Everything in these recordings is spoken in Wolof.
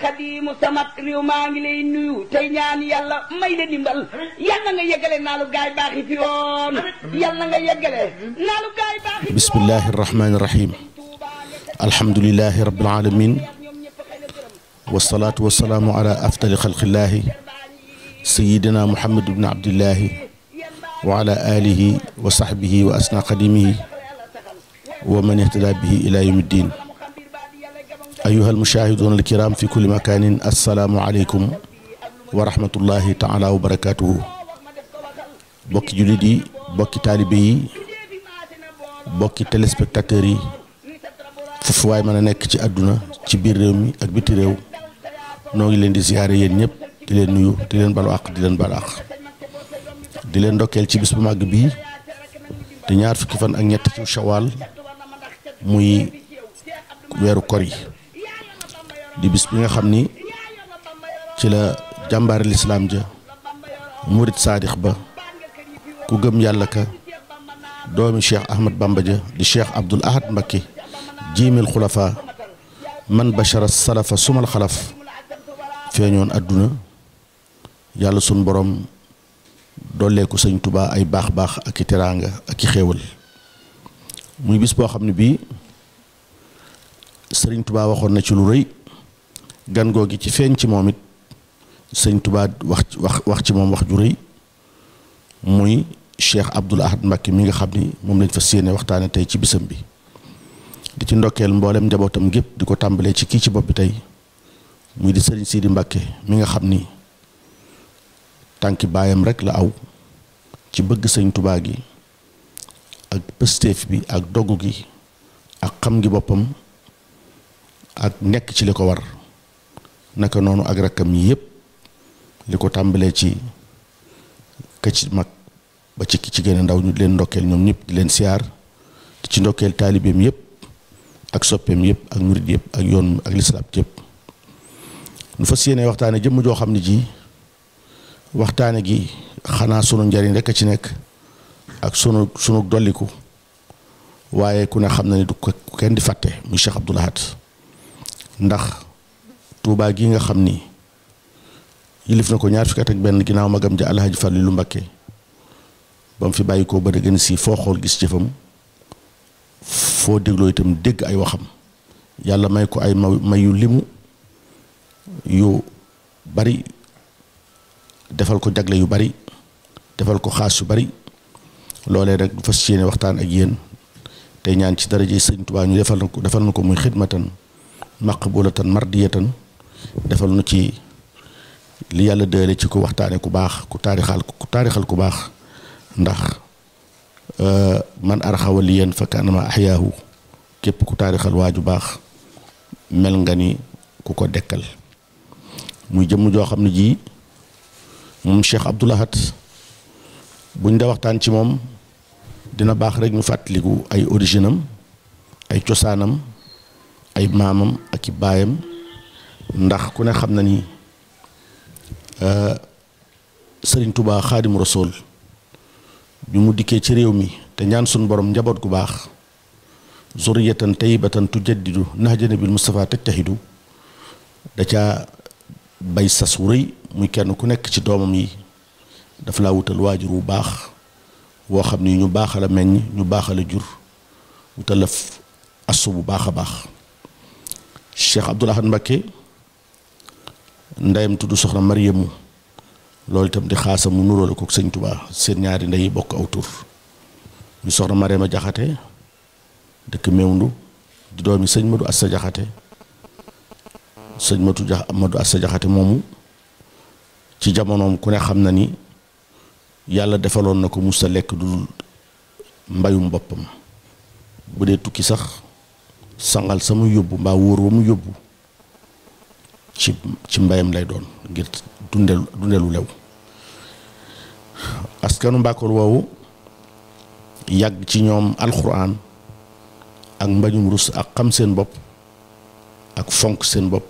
xadiimu samat réew maa ngi lay nuyu tey ñaan yàlla may la ndimbal yàlla nga yeggale naalu gaay baaxi fi woon yàlla nga yeggale naalu gaay baaxi bismillahi arrahmani irrahim alhamdulilahi rabbil alamin wasalaatu wasalaamu ala afdali xalqillaahi sayidina muhammad ibni abdillahi wa ala alihi wa sahbihi wa asna qadimihi wa man ihtada bihi ila yawmi ddin ayuha almushahiduuna alkiram fi kulli makanin assalaamu aleykum wa rahmatullahi taala wa barakatuhu bokki jullit yi bokki taalibe yi bokki téléspectateurs yi foofu waay mën a nekk ci àdduna ci biir réew mi ak biti réew noo ngi leen di ziyaare yéen ñëpp di leen nuyu di leen balu di leen balu di leen ndokkeel ci bis bu màgg bii te ñaar fukki fan ak ñett ci shawaal muy weeru kor yi di bis bi nga xam ni ci la jàmbaari lislaam ja murit saadix ba ku gëm yàlla ka doomi cheikh ahmad bamba ja di cheikh abdul ahad mbakki jiimil xulafa man bachara salafa sumal xalaf feeñoon àdduna yàlla sun boroom dollee ko sëñ tubaa ay baax baax ak i teraanga ak i xéewal muy bis boo xam ne bii sëriñ tubaa waxoon na ci lu rëy gan gi ci feeñ ci moom it sëñ Tuubaa wax wax wax ci moom wax ju rëy muy Cheikh Abdoul Ahad Mbacké mi nga xam ni moom lañ fa séenee waxtaane tey ci bisam bi di ci ndokkeel mboolem njabootam gépp di ko tàmbalee ci kii ci bopp bi tey muy di sëriñ Sidi Mbacké mi nga xam ni tànki baayam rek la aw ci bëgg sëñ Tuubaa gi ak pësteef bi ak dogu gi ak xam gi boppam ak nekk ci li ko war naka noonu ak rakkam yi yëpp li ko tàmbalee ci ka mag ba ci ki ci gën a ndaw ñu di leen ndokkeel ñoom ñëpp di leen siyaar ci ndokkeel taalibeem yépp ak soppeem yëpp ak murid yëpp ak yoon ak lislaam yëpp nu fas yéene waxtaane jëmm joo xam ne ji waxtaane gi xanaa sunu njariñ rek a ci nekk ak sunu sunu dolliku waaye ku ne xam na ne du kenn di fàtte muy Cheikh Abdoul ndax Touba gi nga xam ni yilif na ko ñaar fukki ak benn ginnaaw magam ja Alhaji Falilu lu ba mu fi bàyyi koo ba gën si foo xool gis jëfam foo dégloo itam dégg ay waxam yàlla may ko ay mayu limu yu bari defal ko jagle yu bari defal ko xaas yu bari loolee rek du fas yéene waxtaan ak yéen tey ñaan ci daraje Sëñ Tuubaa ñu defal ko defal na ko muy xidmatan maqbulatan mardiyatan defal na ci li yàlla dële ci ko waxtaane ku baax ku taarixal ku taarixal ku baax ndax euh, man arxawa li yéen fa kaanama axyaahu képp ku taarixal waaju baax mel nga ni ku ko dekkal muy jëmm joo xam ne ji moom Cheikh Abdoul Ahad buñ da waxtaan ci moom dina baax rek ñu fàttaliku ay origine am ay cosaanam ay maamam ak i baayam ndax ku ne xam na ni euh, sëriñ tubaa xaadim rasool bi mu dikkee ci réew mi te ñaan suñu borom njaboot gu baax zuriyatan tayyibatan tujaddidu nahja nabil Mustafa tajtahidu da caa bay sas wu rëy muy kenn ku nekk ci doomam yi daf laa wutal waajur wu baax woo xam ni ñu baaxal a meññ ñu baaxal a jur wutal la asu bu baax a baax Cheikh Abdoul Ahad Mbacké ndeyam tudd soxna Mariyamu loolu itam di xaasa mu nuróole ko sëñ tubaa seen ñaari ndey bokk aw tur ñu soxna Mariama Jaxate dëkk Mewndu di doomi sëñ Madu Asta Jaxate sëñ Madu Jax Madu Asta Jaxate moomu ci jamonoom ku ne xam na ni yàlla defaloon na ko mu sa lekk du mbayum boppam bu dee tukki sax sangal sama yóbbu mbaa wóor wa mu yóbbu ci mbayam lay doon ngir dundel dundelu lew askanu Mbàkkoor woowu yàgg ci ñoom alxuraan ak mbañum rus ak xam seen bopp ak fonk seen bopp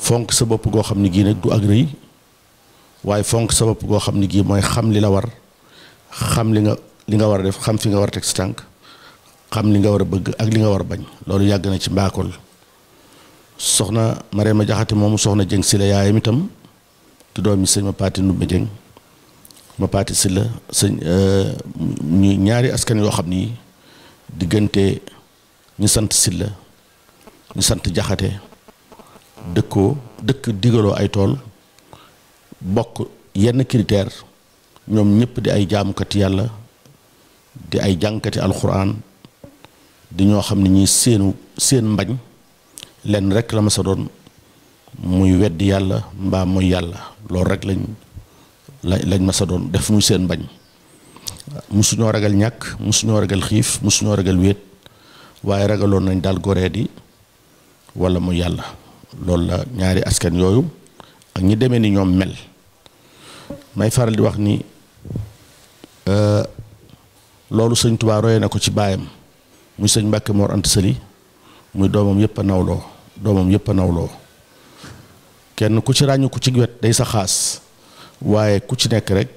fonk sa bopp goo xam ne gii nag du ak rëy waaye fonk sa bopp goo xam ne gii mooy xam li la war xam li nga li nga war a def xam fi nga war a teg sa tànk xam li nga war a bëgg ak li nga war a bañ loolu yàgg na ci Mbakol soxna Marema Jaxate mu soxna Jëng si la yaayam itam di doomi sëñ ma paati Ndumbe Jëng ma paati si la sëñ euh, ñu ñaari askan yoo xam ni diggante ñu sant si la ñu sant Jaxate dëkkoo dëkk digaloo ay tool bokk yenn critère ñoom ñëpp di ay jaamukati yàlla di ay jànkati alxuraan di ñoo xam ne ñi seenu seen mbañ lenn rek la ma doon muy weddi yàlla mbaam muy yàlla loolu rek lañ lañ ma sa doon def muy seen bañ musuñoo ragal ñàkk musuñoo ragal xiif musuñoo ragal wéet waaye ragaloon nañ daal goree di wala mu yàlla loolu la ñaari askan yooyu ak ñi demee ni ñoom mel may faral di wax ni euh, loolu sëñ Tuubaa na ko ci baayam muy sëñ Mbàkke Mor Anta muy doomam yépp a nawloo doomam yëpp a nawloo kenn ku ci ràññu ku ci wet day sa xaas waaye ku ci nekk rek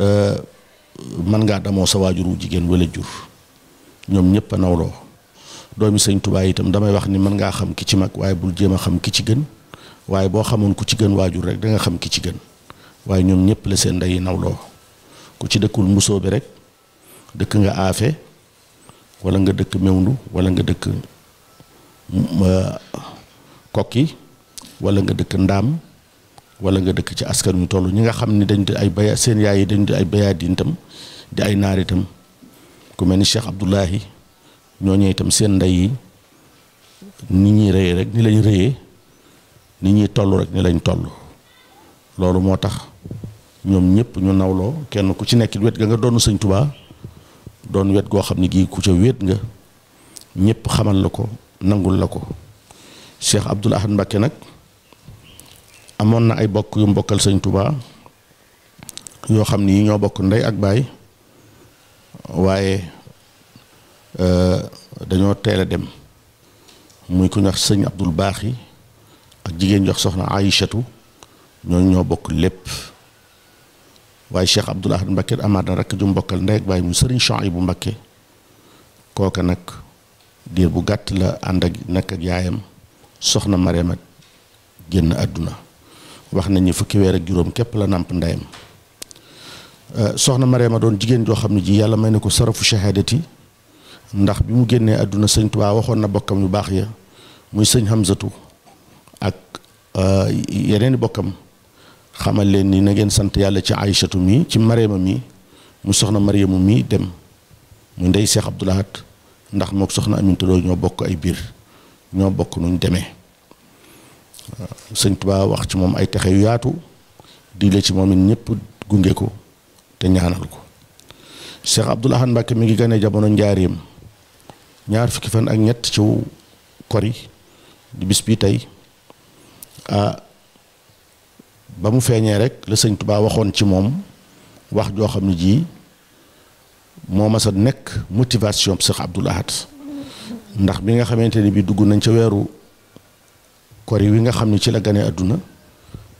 euh, mën ngaa damoo sa waajuru jigéen wala jur ñoom ñëpp a nawloo doomi sëñ Tuubaa itam damay wax ni mën ngaa xam ki ci mag waaye bul jéem a xam ki ci gën waaye boo xamoon ku ci gën waajur rek da nga xam ki ci gën waaye ñoom ñëpp la seen ndey nawloo ku ci dëkkul mbusoo bi rek dëkk nga aafe walla nga dëkk mewndu wala nga dëkk kokki wala nga dëkk ndaam wala nga dëkk ci askan wi toll ñi nga xam ne dañ di ay baya seen yaay yi dañ di ay bayaat itam di ay naar itam ku mel ni Cheikh Abdoulahi ñooñu itam seen ndey ni ñuy rëyee rek ni lañ rëyee ni ñuy toll rek ni lañ toll loolu moo tax ñoom ñëpp ñu nawloo kenn ku ci nekk wet ga nga doon sëñ Tuubaa doon wet goo xam ne gii ku ca wet nga ñëpp xamal la ko nangul la ko Cheikh Abdoul Ahad mbakke nag amoon na ay bokk yu mbokkal sëñ tubaa yoo xam ni yi ñoo bokk ndey ak baay waaye euh, dañoo teel a dem muy ku ñu wax sëñ Abdoul Baaxi ak jigéen jox soxna Aïchatu ñooñu ñoo bokk lépp waaye Cheikh Abdoul Ahad Mbacké amaat na rek mbokkal ndey ak baay mu sëriñ Chouaïbou Mbacké kooka nag diir bu gàtt la ànd ak nag ak yaayam soxna Mareem ak génn àdduna wax nañ ni fukki weer ak juróom képp la nàmp ndeyam euh, soxna Mareema doon jigéen joo xam ne ji yàlla may na ko sarafu shahadati ndax bi mu génnee àdduna sëñ Tuubaa waxoon na bokkam yu baax ya muy sëñ Hamzatu ak euh, yeneen i bokkam xamal leen ni na ngeen sant yàlla ci Aïchatu mi ci Mareema mi mu soxna Mariamu mi dem mu ndey Seex Abdulahat ndax mook soxna Aminta ñoo bokk ay biir ñoo bokk nuñ demee sëñ wax ci moom ay texe yu yaatu digle ci moom it ñëpp gunge ko te ñaanal ko Cheikh Abdoul Ahad Mbacké mi ngi gane jamono njaareem ñaar fukki fan ak ñett ci kori di bis bi tey ah ba mu feeñee rek la sëñtubaa waxoon ci moom wax joo xam ne jii moo ma sa nekk motivation Cheikh Abdoul Ahad ndax bi nga xamante ni bi dugg nañ ca weeru kori wi nga xam ne ci la gane àdduna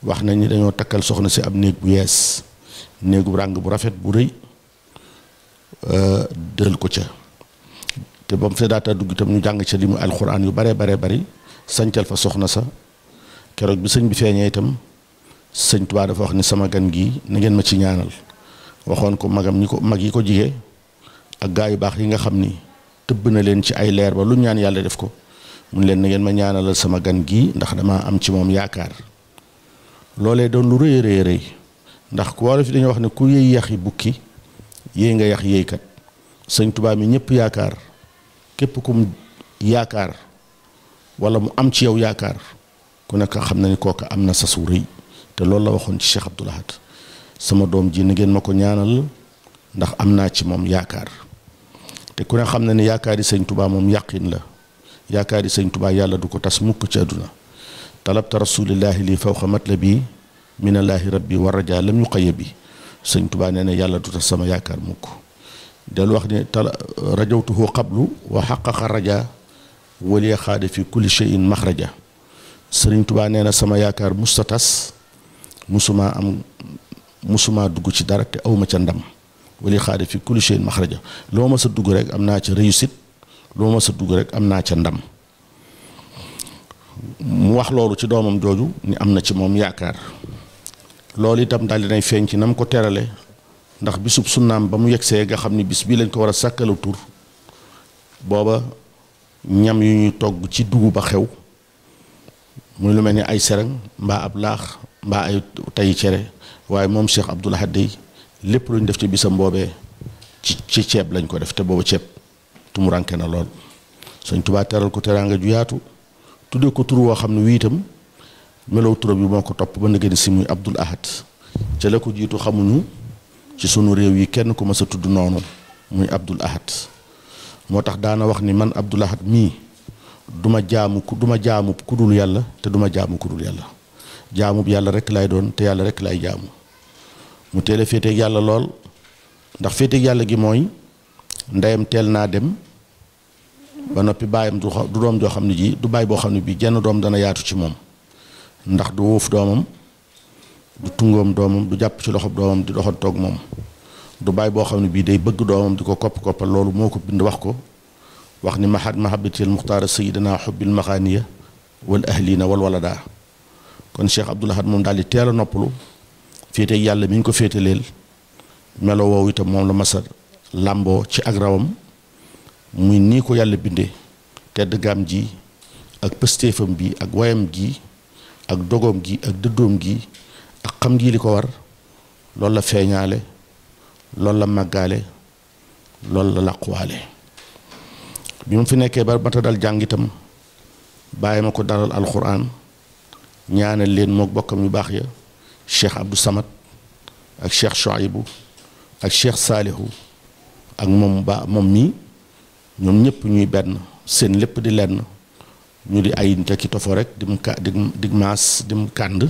wax nañ ni dañoo takkal soxna si ab néeg bu yees néegu ràng bu rafet bu rëy euh, dël ko ca te ba mu fa dugg itam ñu jàng ca li mu alxuraan yu bare bare bari sancal fa soxna sa keroog bi sëñ bi feeñee itam sëñ Tuubaa dafa wax ni sama gan gii na ngeen ma ci ñaanal waxoon ko magam ñi ko mag yi ko jige ak gaa yu baax yi nga xam ni tëbb na leen ci ay leer ba lu ñaan yàlla def ko mun leen na ngeen ma ñaanalal sama gan gii ndax damaa am ci moom yaakaar loolee doon lu rëy rëy rëy ndax ku wolof yi dañoo wax ne ku yëy yaxi bukki yéey nga yax yéeykat sëñ tubaab mi ñëpp yaakaar képp kum yaakaar wala mu am ci yow yaakaar ku nekk xam na ni kooka am na sasu rëy te loolu la waxoon ci Cheikh Abdoul sama doom ji na ngeen ma ko ñaanal ndax am naa ci moom yaakaar te ku ne xam na ne yaakaari sëñ tubaa moom yàqin la yaakaari sëñ tubaa yàlla du ko tas mukk ci àdduna talabta rasulillahi lii fawqa matlabi minallaahi rabbi war rajaa lam yu xëya bi sëñ tubaa nee na yàlla du sama yaakaar mukk del wax ne tal rajawtuhu qablu wa xaqaqa raja walie xaade fi kulli cheyin maxraja sëriñ tubaa nee na sama yaakaar musta tas musuma am musuma dugg ci dara te awma ca ndam wali xaari fi kulli shay'in maxraja loo ma sa dugg rek am naa ca réussite loo ma sa dugg rek am naa ca ndam mu wax loolu ci doomam jooju ni am na ci moom yaakaar loolu itam daldi dinay feeñ ci na mu ko terale ndax bisub sunnaam ba mu yegsee nga xam ni bis bii lañ ko war a sàkkalu tur booba ñam yu ñuy togg ci dugub ba xew muy lu mel ni ay sereng mbaa ab laax mbaa ay tay cere waaye moom Cheikh Abdoul Ahad day lépp luñ def ci bisam boobee ci ci ceeb lañ ko def te boobu ceeb tumuranke na lool Sëñ tubaa teral ko teraanga ju yaatu tuddee ko tur woo xam ne wii itam melow turam bi moo ko topp ba nageen si muy Abdoul Ahad ca la ko jiitu xamuñu ci sunu réew yi kenn ku mas tudd noonu muy Abdoul Ahad moo tax daana wax ni man Abdoul Ahad mii duma jaamu duma jaamu ku dul yàlla te duma jaamu ku dul yàlla jaamub yàlla rek laay doon te yàlla rek laay jaamu mu teel a féeteeg yàlla lool ndax féeteeg yàlla gi mooy ndeyam teel naa dem ba noppi baayam du doom joo xam ne ji du baay boo xam ne bii jenn doom dana yaatu ci moom ndax du wuuf doomam du tungoom doomam du jàpp ci loxob doomam di doxantoog moom du baay boo xam ne bii day bëgg doomam di ko kopp koppal loolu moo ko bind wax ko wax ni mahat mahabatil muxtaara sayidana xubbil maxaaniya wal ahlina wal waladaa kon Cheikh Abdoul Ahad moom daal di teel a noppalu féete yàlla mi ñu ko féetaleel melo woowu itam moom la masa làmboo ci ak rawam muy nii ko yàlla bindee tedd gaam ji ak pëstéefam bi ak wayam gi ak dogoom gi ak gi xam gi li ko war loolu la feeñaale loolu la màggaale loolu la làquwaale bi mu fi nekkee ba mata dal jàng itam bàyyi ma ko dalal alxuraan ñaanal leen mook bokkam yu baax ya cheikh Abdou Samad ak cheikh Chouaibou ak cheikh Saalihu ak moom ba moom mii ñoom ñëpp ñuy benn seen lépp di lenn ñu di ay tekki rek di mu kànd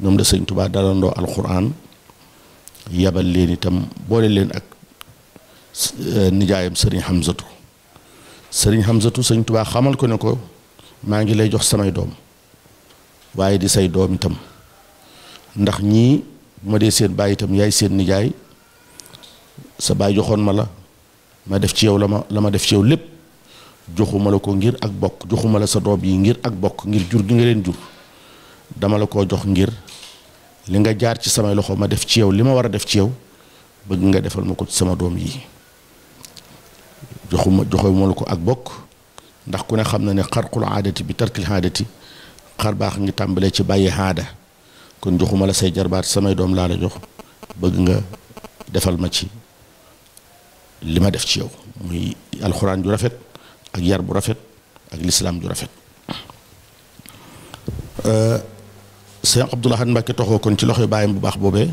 ñoom da sëñ Tuubaa dalandoo alxuraan yabal leen itam boole leen ak eh, nijaayam sëriñ Hamzatu sëriñ Hamzatu sëñ tubaa xamal ko ne ko maa ngi lay jox samay doom. waaye di say doom itam ndax ñii ma dee seen baay itam yaay seen nijaay sa baay joxoon ma la ma def ci yow la ma la ma def ci lépp joxuma la ko ngir ak bokk joxuma la sa doom yi ngir ak bokk ngir jur gi nga leen jur dama la ko jox ngir li nga jaar ci samay loxo ma def ci yow li ma war a def ci yow bëgg nga defal ma ko ci sama doom yi joxuma joxuma la ko ak bokk ndax ku ne xam na ne xarqul aadati bi tarkil aadati xar baax ngi tàmbalee ci bàyyi aada kon joxuma la say jarbaat samay doom laa la jox bëgg nga defal ma ci li ma def ci yow muy alxuraan ju rafet ak yar bu rafet ak lislaam ju rafet euh, sëñ Abdul Ahad Mbàkke toxoo kon ci loxoy baayam bu baax boobee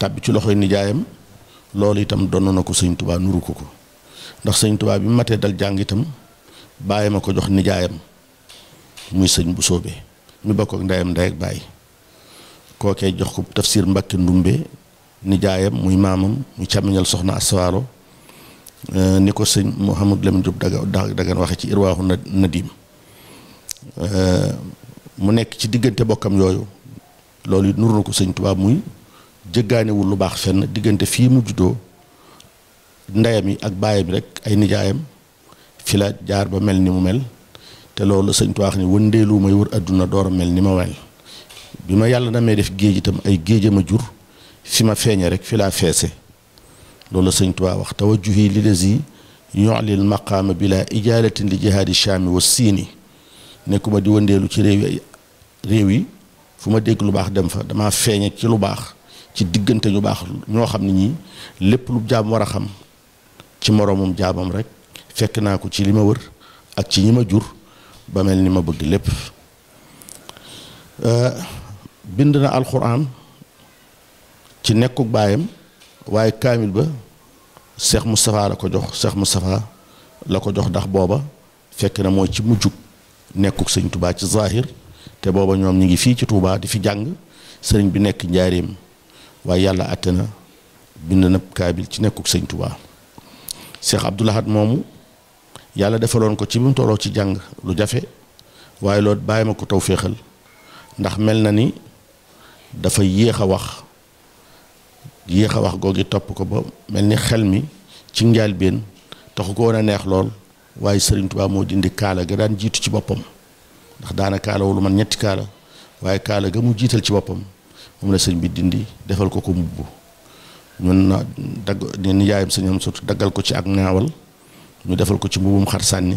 tàbbi ci loxoy nijaayam loolu itam donn na ko sëñ Tuubaa nuru ko ndax sëñ Tuubaa bi mu matee dal jàng itam baayam a ko jox nijaayam muy sëñ bu soobee mi bokk ak ndeyam ndey ak bàyyi kookee jox ko tafsir Mbàkke Ndumbe nijaayam muy maamam mu càmmiñal soxna aswaalo eh, ni ko sëñ Mouhamadou Lamine Diop daga dagan waxe ci irwaaxu nadim eh, mu nekk ci diggante bokkam yooyu loolu it nur na ko sëñ Tuubaa muy jëggaanewul lu baax fenn diggante fii mu juddoo ndeyam yi ak baayam yi rek ay nijaayam fi la jaar ba mel ni mu mel te loolu sëñ Tuubaa wax ni wëndeelu may wër adduna door a mel ni ma wel bi ma yàlla na damay def géej itam ay géej ma jur fi ma feeñe rek fi laa feese loolu sëñ wax wax tawajjuhi li des yi yolil maqaama bila ijaalatin li jihaadi shaami wa siini nekkuma di wëndeelu ci réew yi réew yi fu ma dégg lu baax dem fa dama feeñe ci lu baax ci diggante ñu baax ñoo xam ne ñii lépp lu jaam war a xam ci moroomum jaamam rek fekk naa ko ci li ma wër ak ci ñi ma jur ba mel ni ma bëgg lépp euh, bind na alxuraan ci nekkuk baayam waaye kaamil ba Cheikh Moustapha la ko jox Cheikh Moustapha la ko jox ndax booba fekk na mooy ci mujjug nekkuk sëñ tubaa ci Zahir te booba ñoom ñu ngi fii ci tuubaa di fi jàng sëriñ bi nekk njaareem waaye yàlla àtte na bind na kaamil ci nekkuk sëñ Touba Cheikh Abdoul moomu. yàlla defaloon ko ci bi mu tolloo ci jàng lu jafe waaye loolu bàyyi ma ko taw féexal ndax mel na ni dafa yéex a wax yéex a wax googi topp ko ba mel ni xel mi ci njaal njëlbéen taxu ko woon a neex lool waaye Serigne Touba moo dindi kaala ga daan jiitu ci boppam ndax daana kaala wulu man ñetti kaala waaye kaala ga mu jiital ci boppam moom la sëñ bi dindi defal ko ko mbubb mun na dagg ni yaayam sëñ am surtout daggal ko ci ak naawal ñu defal ko ci mbubum xar sànni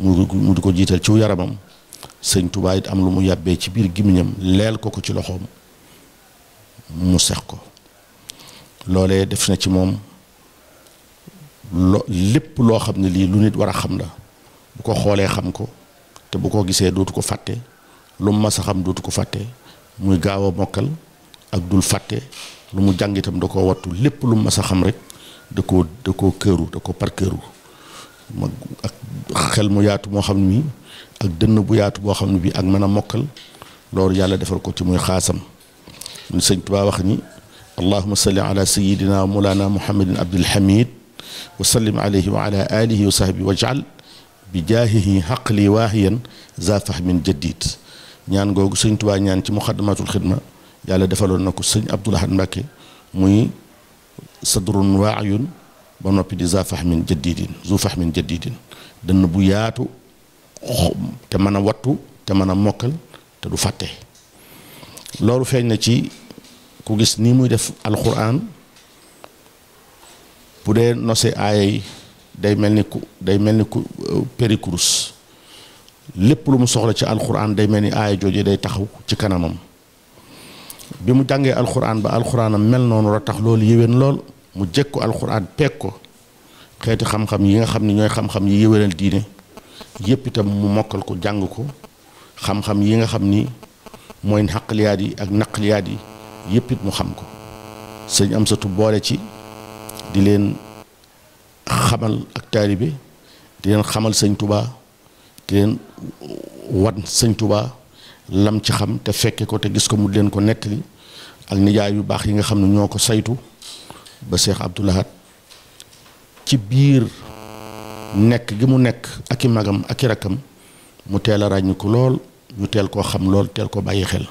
mu di ko jiital ci yaramam sëñ Tuubaa am lu mu yàbbee ci biir gémmiñam leel ko ko ci loxoom mu sex ko loolee def na ci moom lo lépp loo xam ne lii lu nit war a xam la bu ko xoolee xam ko te bu ko gisee dootu ko fàtte lu mu mas a xam dootu ko fàtte muy gaaw a mokkal ak dul fàtte lu mu jàng itam da ko wattu lépp lu mu mas a xam rek da koo da koo këru da ko ak xel mu yaatu moo xam ni ak dënn bu yaatu boo xam ne bii ak mën a mokkal loolu yàlla defal ko ci muy xaasam ñu sëñ Tuubaa wax ni allahuma salli ala sayidina wa mulaana muhammadin abdulhamid wa sallim alayhi wa ala alihi wa sahbi wa jaal bi jaahihi xaqli waahiyan za fahmin jadid ñaan googu sëñ Tuubaa ñaan ci muxaddamatul xidma yàlla defaloon na ko sëñ Abdul Ahad Mbàkke muy sa sadrun waayun ba noppi di za fahmin jadidin zu fahmin jadidin dënn bu yaatu te mën a wattu te mën a mokkal te du fàtte loolu feeñ na ci ku gis nii muy def alxuraan bu dee nose aaya yi day mel ni ku day mel ni ku euh, péricourse lépp lu mu soxla ci alxuraan day mel ni aaya jooje day taxaw ci kanamam bi mu jàngee alxuraan ba alxuraanam mel noonu la tax loolu yéwén lool mu jëkku alxuraan peeg ko xeeti xam-xam yi nga xam ni ñooy xam-xam yi yéwénal diine yépp itam mu mokkal ko jàng ko xam yi nga xam ni mooy xaqliyaat yi ak naqliyaat yi yépp it mu xam ko sëñ am satu boole ci di leen xamal ak taalibe di leen xamal sëñ tubaa di leen wan sëñ tubaa lam ci xam te fekke ko te gis ko mu leen ko nettali ak nijaay yu baax yi nga xam ne ñoo ko saytu ba Cheikh Abdou ci biir nekk gi mu nekk ak i magam ak i rakkam mu teel a ràññiku lool ñu teel koo xam lool teel ko bàyyi xel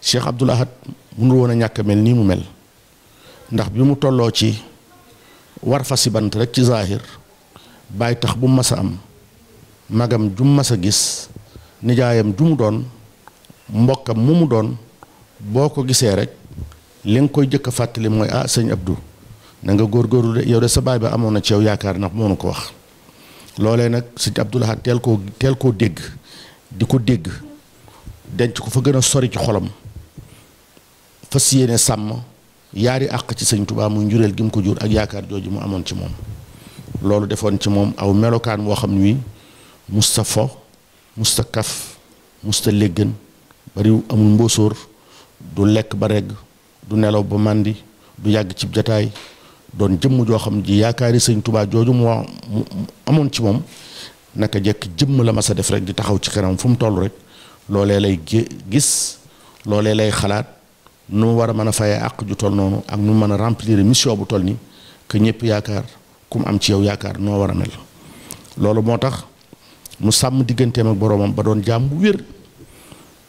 Cheikh Abdou Lahad woon a ñàkk mel nii mu mel ndax bi mu tolloo ci war fa si bant rek ci zaahir bàyyi tax bu mas a am magam ju mas a gis nijaayam ju mu doon mbokkam mu mu doon boo ko gisee rek li nga koy jëkk fàttali mooy a ah, sëñ Abdou na nga góor de yow de sa baay bi amoon na ci yow yaakaar na moo nu ko wax loole nag sëñ Abdou Lahad teel koo teel koo dégg di ko dégg denc ko fa gën a sori ci xolam fas yéene sàmm yaari àq ci sëñ Tuubaa muy njureel gi mu ko jur ak yaakaar jooju mu amoon ci moom loolu defoon ci moom aw melokaan woo xam ni Moustapha musta kaf musta léggan bariw amul mbóosóor du lekk ba regg du nelaw ba màndi du yàgg ci jataay doon jëmm joo xam ji yaakaar yaakaari sëñ tubaab jooju mu amoon ci moom naka jekk jëmm la mas sa def rek di taxaw ci kanam fu mu toll rek loolee lay gis loolee lay xalaat nu mu war a mën a fayee àq ju toll noonu ak nu mu mën a remplir mission bu tol nii que ñëpp yaakaar ku am ci yow yaakaar noo war a mel loolu moo tax mu sàmm digganteem ak boroomam ba doon jaam bu wér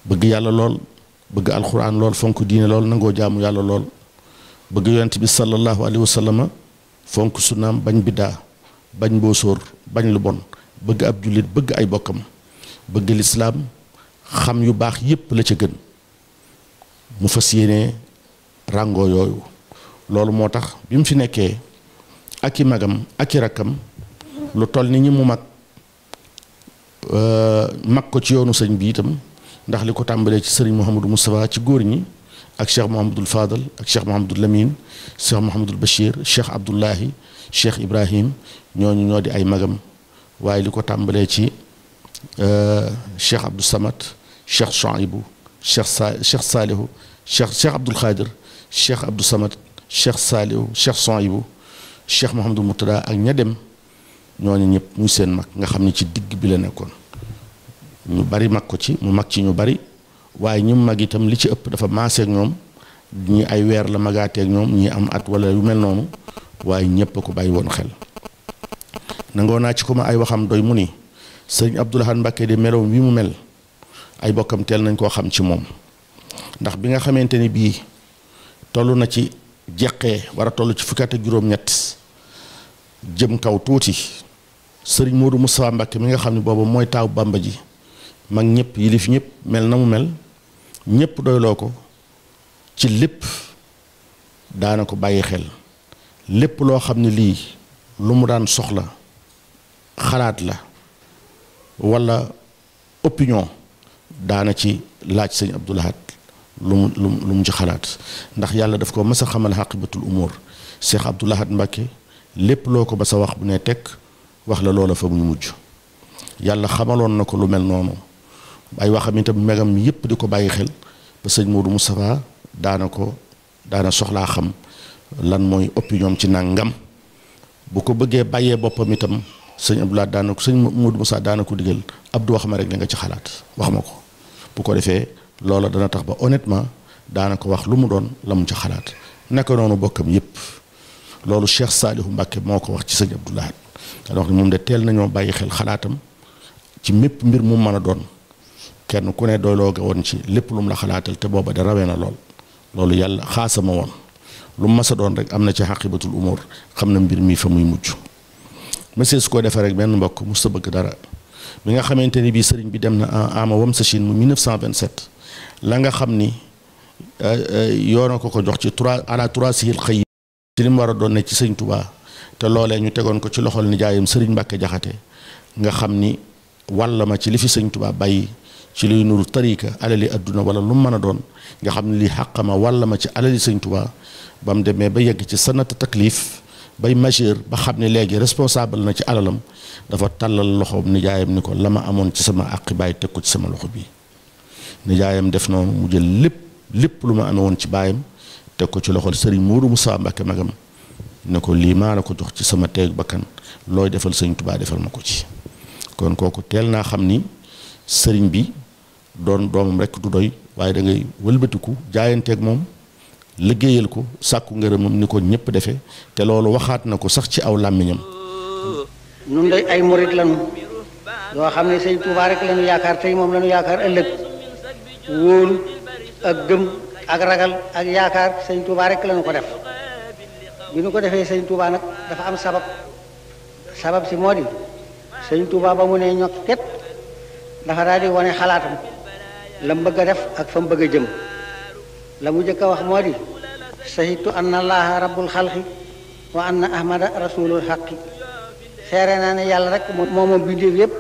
bëgg yàlla lool bëgg alxuraan lool fonk diine lool nangoo jaamu yàlla lool bëgg yonent bi sallallahu alayhi wa sallama fonk sunnaam bañ biddaa bañ mboosóor bañ lu bon bëgg ab jullit bëgg ay bokkam bëgg lislaam xam yu baax yépp la ca gën mu fas yéene ràngoo yooyu loolu moo tax bi mu fi nekkee ak i magam ak i rakkam lu toll ni ñi mu mag Euh, mag ko ci yoonu sëñ bi itam ndax li ko tàmbalee ci sëriñ Mouhamadou Moustapha ci góor ñi ak cheikh Mouhamadul Fadal ak cheikh Mouhamadul Lamine cheikh Mouhamadul Bachir cheikh Abdoulahi cheikh Ibrahim ñooñu ñoo di ay magam waaye li ko tàmbalee ci euh, cheikh Abdou Samad cheikh Chouaïbou cheikh Sa cheikh Salihu cheikh cheikh Abdoul Khadir cheikh Abdou Samad cheikh Salihu cheikh cheikh Mouhamadul Moutada ak ña ñooñu ñëpp mu seen mag nga xam ne ci digg bi la nekkoon ñu bari mag ko ci mu mag ci ñu bari waaye ñi mag itam li ci ëpp dafa maaseeg ñoom ñi ay weer la magaateek ñoom ñi am at wala yu mel noonu waaye ñëpp a ko bàyyi woon xel nangoo naa ci ko ma ay waxam doy mu ni sëriñ Abdoul Ahad Mbacké de meloom wi mu mel ay bokkam teel nañ koo xam ci moom ndax bi nga xamante ni bii toll na ci jeqee war a toll ci fukki at ak juróom-ñett jëm kaw tuuti sëriñ Modou Moustapha Mbacké mi nga xam ne boobu mooy taaw Bàmba ji mag ñëpp yilif ñëpp mel na mu mel ñëpp doyloo ko ci lépp daana ko bàyyi xel lépp loo xam ne lii lu mu daan soxla xalaat la walla opinion daana ci laaj sëñ Abdou lu mu lu mu lu mu ci xalaat ndax yàlla daf ko mas a xamal xaqibatul umur Cheikh Abdou Lahad Mbacké lépp loo ko mas a wax bu nee tekk wax la loola fa muy mujj yàlla xamaloon na ko lu mel noonu ay waxam itam megam yépp di ko bàyyi xel ba sëñ Modou Moustapha daana ko daana soxlaa xam lan mooy opinion ci nangam bu ko bëggee bàyyee boppam itam sëñ Abdoulaye daana ko sëñ Modou Moussa daana ko digal Abdou wax ma rek li nga ci xalaat wax ma ko bu ko defee loola dana tax ba honnêtement daana ko wax lu mu doon la mu ci xalaat naka noonu bokkam yépp loolu Cheikh Saliou Mbacke moo ko wax ci sëñ Abdoulaye alors moom de teel nañoo bàyyi xel xalaatam ci mépp mbir mu mën a doon kenn ku ne doyloo ga woon ci lépp lu mu la xalaatal te booba de rawee na lool loolu yàlla xaasama woon lu mu mës a doon rek am na ci xaqibatul umur xam na mbir mii fa muy mujj monsieur su ko defee rek benn mbokk mu sa bëgg dara bi nga xamante ni bii sëriñ bi dem na ama wam sa Chine mu 1927 la nga xam ni euh, euh, yoona ko ko jox ci trois à la trois sihil xëy war a doon ne ci sëriñ te loolee ñu tegoon ko ci loxol nijaayam sëriñ Mbàkke Jaxate nga xam ni walla ma ci li fi sëñ tubaa bàyyi ci luy nuru tarika alali àdduna wala lu mu mën a doon nga xam ne lii xàqama walla ma ci alali sëñ Tuubaa ba mu demee ba yegg ci sa sanata taklif bay majeur ba xam ne léegi responsable na ci alalam dafa tallal loxoom nijaayam ni ko la ma amoon ci sama àqi baay teg ko ci sama loxo bii nijaayam def na mu jël lépp lépp lu ma amee woon ci baayam teg ko ci loxol sëriñ Moodu Musaa Mbàkke magam ne ko lii maa la ko jox ci sama teeg bakkan looy defal sëñ Tuubaa defal ma ko ci kon kooku teel naa xam ni sëriñ bi doon doomam rekk du doy waaye dangay wëlbatiku jaayanteeg moom liggéeyal ko sàkku ngërëmam ni ko ñëpp defe te loolu waxaat na ko sax ci aw làmmiñam ñun day ay murit lañu yoo xam ne sëñ Tuubaa rek lañu yaakaar tey moom lañu yaakaar ëllëg wóolu ak gëm ak ragal ak yaakaar sëñ Tuubaa rek lañu ko def bi nu ko defee sëñ Touba nag dafa am sabab sabab si moo di sëñ Touba ba mu ne ñokk ket dafa daal di wane xalaatam la mu bëgg a def ak fa mu bëgg a jëm la mu njëkk a wax moo di sahitu anna allaha rabbul xalqi wa anna ahmada rasulul xaqi seere naa ne yàlla rek moo moom bindéef yépp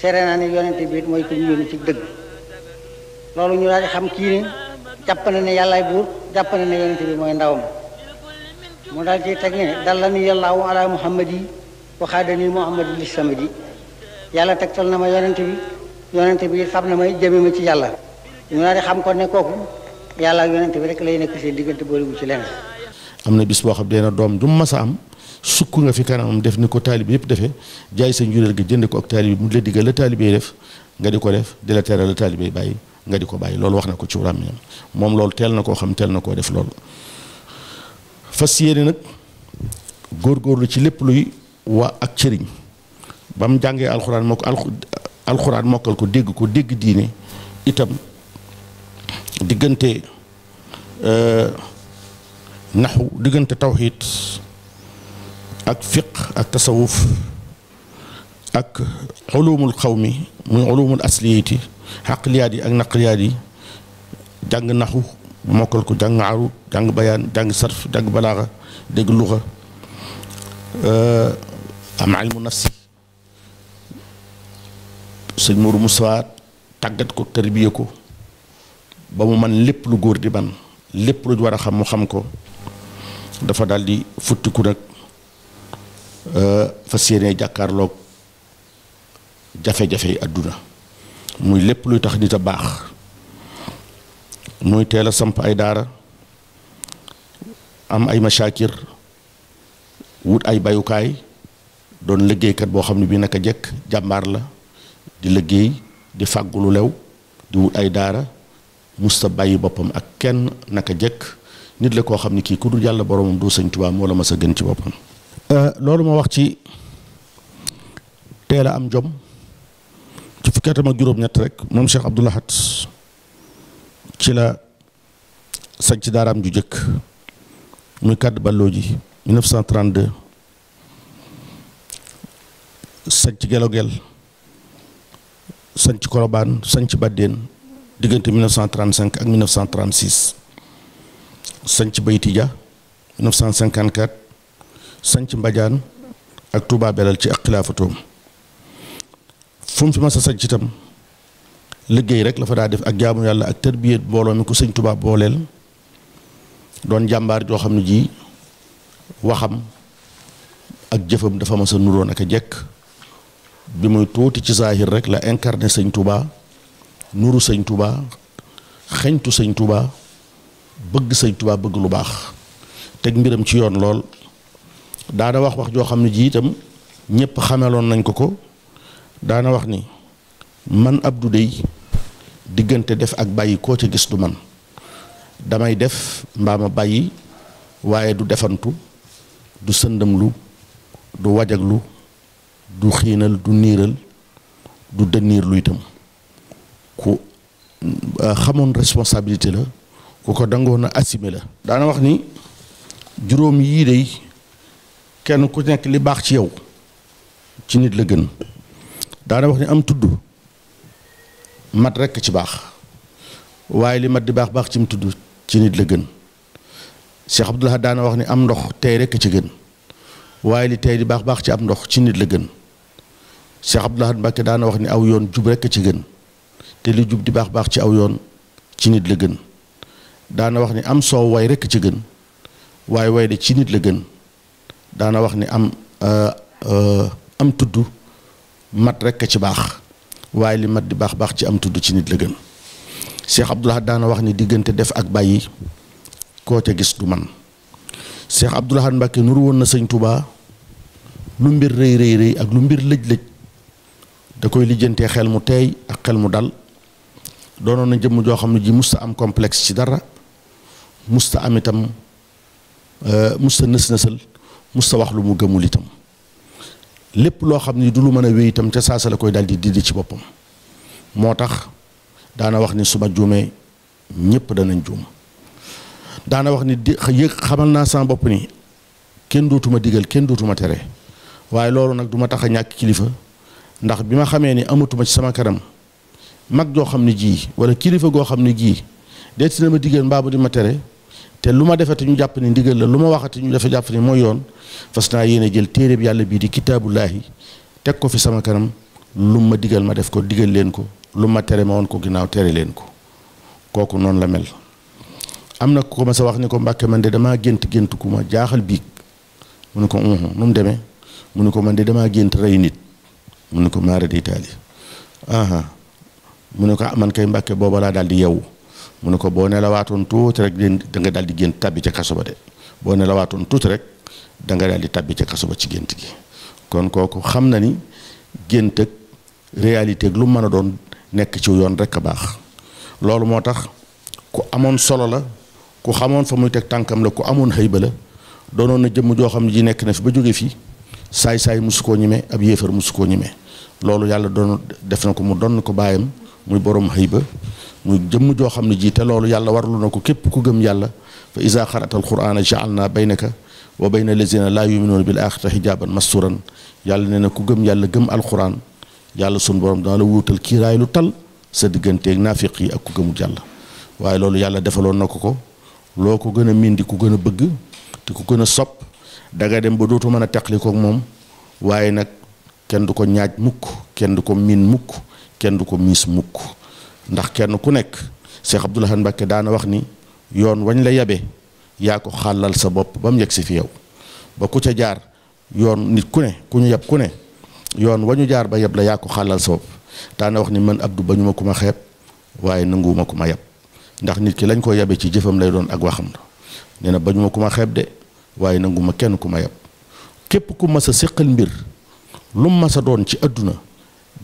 seere naa ne yonente bi mooy ku ñu yónni ci dëgg loolu ñu daal di xam kii ne jàpp na ne yàllaay buur jàpp na ne yonente bi mooy ndawam mu daal ci teg ne dalla ni yàllaahu ala muhammad yi waxaada ni muhammad li samadi yàlla na ma yonente bi yonente bi xam na may jëme ma ci yàlla ñu daal di xam ko ne kooku yàlla ak bi rek lay nekk seen diggante boolewu ci leneen am na bis boo xam dee na doom ju mas a am sukk nga fi kanamam def ni ko taalib yëpp defe jaay sa njuréel gi jënd ko ak taalib mu la diggal la taalib yi def nga di ko def di la teral la taalib yi bàyyi nga di ko bàyyi loolu wax na ko ci wàllam moom loolu teel na koo xam teel na koo def fas yéene nag góor góorlu ci lépp luy waa ak cëriñ ba mu jàngee alxuraan mokkal ko dégg ko dégg diine itam diggante euh, naxu diggante tawxiit ak fiq ak tasawuf ak xulumul xawmi muy xulumul asliyati xaqliyaat yi ak naqliyaat yi jàng naxu mokkal ko jàng arut jàng bayaan jàng sarf jàng balaaxa dégg luxa euh, am ilmu nafsi sëñ Mourou Moussa tàggat ko tërbiye ko ba mu man lépp lu góor di ban lépp lu war a xam mu xam ko dafa daal di futtiku nag euh, fas yéene jàkkaarloog jafe-jafe àdduna muy lépp luy tax nit a baax muy teel a samp ay daara am ay machaakir wut ay bayukaay doon liggéeykat boo xam ne bii naka jekk jàmbaar la di liggéey di fàggulu lew di wut ay daara musta bàyyi boppam ak kenn naka jekk nit la koo xam ne kii ku dul jàll boromam du sëñ Tuubaa moo la ma sa gën ci boppam euh, loolu ma wax ci teel am jom ci fukkeetam ak juróom-ñett rek moom Cheikh Abdoul ci la sañ daaraam ju jëkk muy kàdd ballooji 1932 sañ ci gelogel sañ ci korobaan sañ ci bàddeen diggante 1935 ak 1936 sañ ci baytija 1954 sañ ci mbajaan ak Touba Belal ci ak xilaafatoom fu mu fi mas a sañ itam liggéey rek la fa daa def ak jaamu yàlla ak tërbiyet mbooloo mi ko sëñ Tuubaa booleel doon jàmbaar joo xam ne ji waxam ak jëfam dafa ma sa nuroon ak a jekk bi muy tuuti ci saahir rek la incarné sañ Tuubaa nuru sëñ Tuubaa xeñtu sëñ Tuubaa bëgg sëñ Tuubaa bëgg lu baax teg mbiram ci yoon lool daana wax wax joo xam ne ji itam ñëpp xameloon nañ ko ko daana wax ni man Abdou dey diggante def ak bàyyi koo ca gis du man damay def mbaama bàyyi waaye du defantu du sëndamlu du wajaglu du xiinal du niiral du dënniir lu itam ku euh, xamoon responsabilité la ku ko dangoon a assumé la daana wax ni juróom yii dey kenn ku nekk li baax ci yow ci nit la gën daana wax ni am tudd mat rekk ci baax waaye li mat di baax baax ci mu tudd ci nit la gën Cheikh Abdoul Ahad daana wax ni am ndox tey rekk ci gën waaye li tey di baax baax ci am ndox ci nit la gën Cheikh Abdoul Ahad Mbacké daana wax ni aw yoon jub rekk ci gën te li jub di baax baax ci aw yoon ci nit la gën daana wax ni am soow way rekk ci gën waaye way de ci nit la gën daana wax ni am euh, euh, am tudd mat rekk ci baax waaye li mat di baax baax ci am tudd ci nit la gën Cheikh Abdoul Ahad daana wax ni diggante def ak bàyyi koo ca gis du man Cheikh Abdoul Ahad nur woon na sëñ Touba lu mbir rëy rëy rëy ak lu mbir lëj lëj da koy lijjantee xel mu teey ak xel mu dal doonoon na jëmm joo xam ne ji musta am complexe ci dara musta am itam euh, musta nës nësal musta wax lu mu gëmul itam lépp loo xam ni du lu mën a wéy itam ca saasa la koy daal di didi ci boppam moo tax daana wax ni su ma juumee ñëpp danañ juum daana wax ni di yëg xamal naa sama bopp ni kenn dootuma digal kenn dootuma tere waaye loolu nag du ma tax a ñàkk kilifa ndax bi ma xamee ni amatuma ci sama kanam mag joo xam ni jii wala kilifa goo xam ni jii deeti na ma digal mbaa mu di ma tere te lu ma defati ñu jàpp ni ndigal la lu ma waxati ñu dafa jàpp ni mooy yoon fas naa yéene jël téereb yàlla bii di kitaabullaahi teg ko fi sama kanam lu ma digal ma def ko digal leen ko lu ma tere ma woon ko ginnaaw tere leen ko kooku noonu la mel am na ko ma sa wax ni ko mbàkke man de damaa gént gént ku ma jaaxal biig mu ne ko nu mu demee mu ne ko man de damaa gént rey nit mu ne ko maara di taali aha mu ne ko ah, man kay mbàkke booba laa daal di yeewu mu ne ko boo nelawaatoon tuuti rek da nga daal di gént tàbbi ca kaso ba de boo nelawaatoon tuuti rek da nga daal di tàbbi ca kaso ba ci gént gi kon kooku xam na ni gént ak réalité lu mën a doon nekk ci yoon rek a baax loolu moo tax ku amoon solo la ku xamoon fa muy teg tànkam la ku amoon xëyba la doonoon na jëmm joo xam ne ji nekk na fi ba jóge fii saay saay musu koo ñime ab yéefar musu koo ñime loolu yàlla doon def na ko mu doon ko baayam muy borom xëyba muy jëmm joo xam ne jii te loolu yàlla warlu na ko képp ku gëm yàlla fa isa xaratal xarata alqurana jaalna baynaka wa bayna lazina laa mu noonu yuminuuna bil axirati xijaaban masturan yàlla nee na ku gëm yàlla gëm alxuraan yàlla sun borom dana wuutal kiiraay lu tal sa digganteeg naafiq yi ak ku gëmut yàlla waaye loolu yàlla defaloon na ko ko loo ko gën a mindi ku gën a bëgg te ku gën a sopp danga dem ba dootu mën a teqlikook moom waaye nag kenn du ko ñaaj mukk kenn du ko miin mukk kenn du ko miis mukk ndax kenn ku nekk Cheikh Abdoul Ahad Mbacké daana wax ni yoon wañ la yabe yaa ko xàllal sa bopp ba mu yegg si fi yow ba ku ca jaar yoon nit ku ne ku ñu yab ku ne yoon wañu jaar ba yab la yaa ko xàllal sa bopp daana wax ni mën Abdou ba ñu ma ku ma xeeb waaye nanguwuma ku ma yab ndax nit ki lañ ko yabe ci jëfam lay doon ak waxam nee na ba ma ku ma xeeb de waaye nanguma kenn ku ma yab képp ku mas a séqal mbir lu mu mas a doon ci àdduna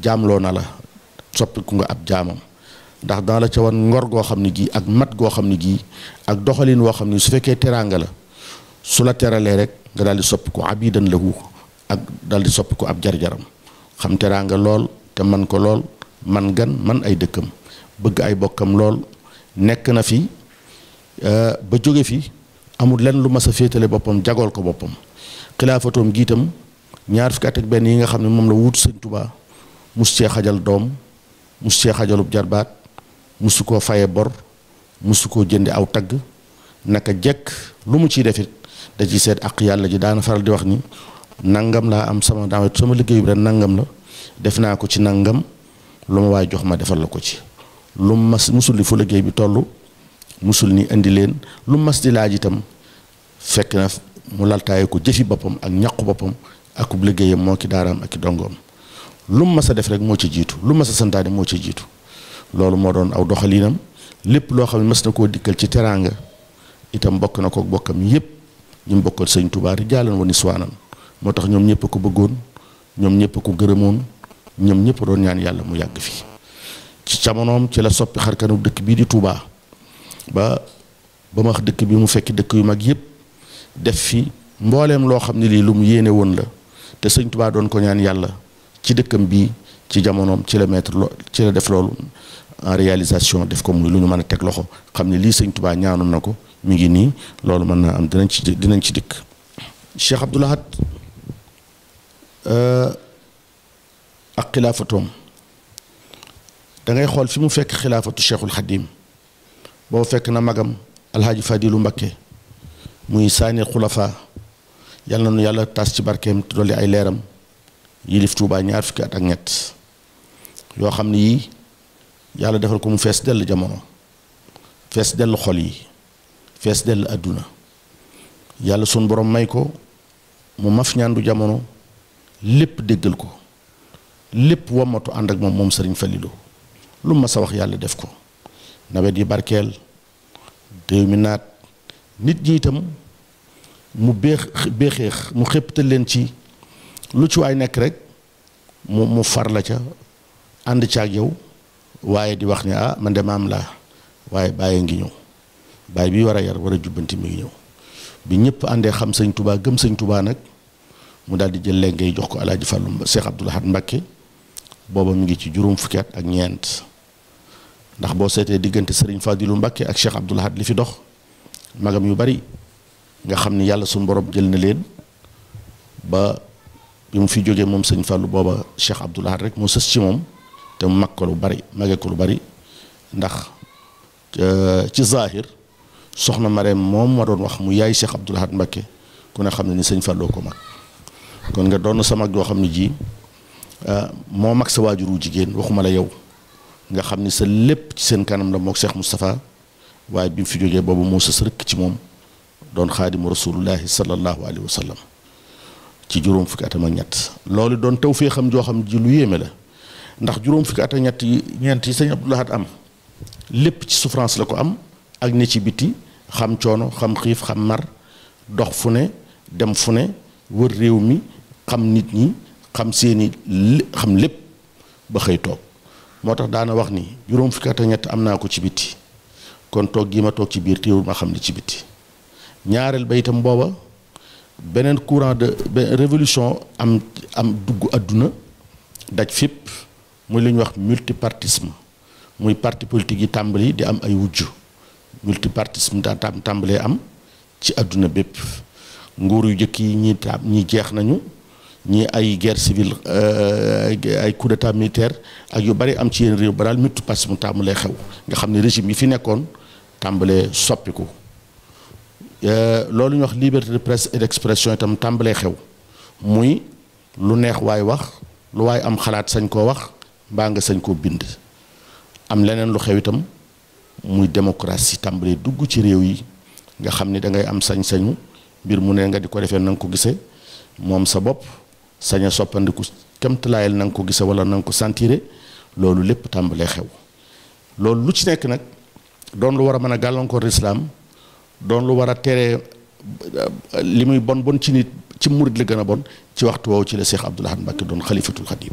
jaamloo na la soppi ku nga ab jaamam ndax daal la ca wan ngor goo xam ne gii ak mat goo xam ne gii ak doxalin woo xam ne su fekkee teraanga la su la teralee rek nga daal di sopp ko abidan lahu ak daal di soppi ko ab jar-jaram xam teraanga lool te man ko lool man gan man ay dëkkam bëgg ay bokkam lool nekk na fi euh, ba jóge fi amul lenn lu mas a féetale boppam jagool ko boppam xilaafatoom giitam ñaar fukki at ak benn yi nga xam ne moom la wut sëñ tubaa mus cee xajal doom mus cee xajalub jarbaat musu koo faye bor musu koo jënde aw tagg naka jekk lu mu ciy defit da ci seet ak yàlla ji daana faral di wax ni nangam laa am sama daaw liggéey bi ren nangam la def naa ko ci nangam lu ma jox ma defal la ko ci lu mas musul li fu liggéey bi toll musul ni indi leen lu mas di laaj itam fekk na mu laltaaye ko jëfi boppam ak ñaqu boppam ak akub liggéeyam moo ki daaraam ak ki dongoom lu mas a def rek moo ci jiitu lu mas a santaane moo ci jiitu loolu moo doon aw doxalinam lépp loo xam ne mas na koo dikkal ci teraanga itam bokk na kook bokkam yépp ñu bokkal sëñ Tuubaa rijaalan wa niswaanan moo tax ñoom ñëpp ko bëggoon ñoom ñëpp ko gërëmoon ñoom ñëpp doon ñaan yàlla mu yàgg fi ci jamonoom ci la soppi xarkanub dëkk bii di Touba ba ba wax dëkk bi mu fekki dëkk yu mag yëpp def fi mbooleem loo xam ne lii lu mu yéene woon la te sëñ Touba doon ko ñaan yàlla ci dëkkam bii ci jamonoom ci lo ci la def loolu en réalisation def ko muy lu ñu mën a teg loxo xam ne lii sëñ Tuubaa ñaanoon na ko mi ngi nii loolu mën naa am dinañ ci dinañ ci dikk Cheikh Abdoul Ahad euh, ak xilaafatoom da ngay xool fi mu fekk xilaafatu Cheikhul Xadim bo fekk na magam alhaaji Fadilu Mbakke muy saani xulafa yal na nu yàlla tas ci barkeem te dolli ay leeram yilif Tuubaa ñaar fukki at ak ñett yoo xam ne yàlla defal ko mu fees dell jamono fees dell xol yi fees dell àdduna yàlla sun borom may ko mu maf jamono lépp déggal ko lépp wamatu ànd ak moom moom sëriñ Falilou lu ma sa wax yàlla def ko nawet yi barkeel déew nit ñi itam mu béex béexeex mu xépptal leen ci lu ci waay nekk rek mu mu far la ca ànd ca ak yow waaye di wax ne ah man de maam laa waaye bàyyi ngi ñëw bàyyi bi war a yar war a jubbanti mi ngi ñëw bi ñëpp àndee xam sañ tubaa gëm sëñ tubaa nag mu daal di jël ngay jox ko alaaji fàllu Cheikh Abdoul Ahad Mbacké booba mu ngi ci juróom fukket ak ñeent ndax boo seetee diggante Serigne Fadilu Mbacké ak Cheikh Abdoul Ahad li fi dox magam yu bari nga xam ni yàlla suñu borom jël na leen ba bi mu fi jógee moom sëñ fàllu booba Cheikh Abdoul Ahad rek moo sës ci te mu mag ko lu bari mage ko lu bari ndax euh, ci zahir soxna Mareem moom ma doon wax mu yaay Cheikh Abdoul Ahad Mbacké ku ne xam ne ni sëñ Fallou ko mag kon nga doon sa mag joo xam ne ji euh, moo mag sa waajuru jigéen waxuma la yow nga xam ni sa lépp ci seen kanam la moo seex Moustapha waaye bi mu fi jógee boobu moo sës rëkk ci moom doon xaadimu rasulullahi sallallahu alayhi wa sallam ci juróom fukki atam ñett loolu doon tawféexam joo xam ji lu yéeme la ndax juróom fukki at ak ñett yi ñeent yi sëñ Abdou Lahad am lépp ci souffrance la ko am ak ne ci biti xam coono xam xiif xam mar dox fu ne dem fu ne wër réew mi xam nit ñi xam seeni xam lépp ba xëy toog moo tax daana wax ni juróom fukki at ak ñett am naa ko ci biti kon toog gi ma toog ci biir téewul ma xam li ci biti ñaareel ba itam booba beneen courant de révolution am am dugg àdduna daj fépp muy lu ñuy wax multipartisme muy parti politique yi tàmbali di am ay wujj multipartisme daa tàmbalee am ci àdduna bépp nguur yu jëkk yi ñi tam jeex nañu ñi ay guerre civile euh, ay coup d'état militaire ak yu bari am ci yenn réew ba daal multipartisme tàmbalee xew nga xam ne régime yi fi nekkoon tàmbalee soppiku euh, loolu ñu wax liberté de presse et itam tàmbalee xew muy lu neex waay wax lu waaye am xalaat sañ koo wax mbaa nga sañ koo bind am leneen lu xew itam muy démocratie tàmbalee dugg ci réew yi nga xam ni dangay am sañ-sañu mbir mu ne nga di ko defee na nga ko gisee moom sa bopp sañ a soppandiku kemtalaayal na nga ko gisee wala nanga ko sentiré loolu lépp tàmbalee xew loolu lu ci nekk nag doon lu war a mën a gàllankoor lislaam doon lu war a tere li muy bon bon ci nit ci murit la gën a bon ci waxtu woowu ci la Cheikh Abdoul Ahad Mbacké doon xalifatul Xadim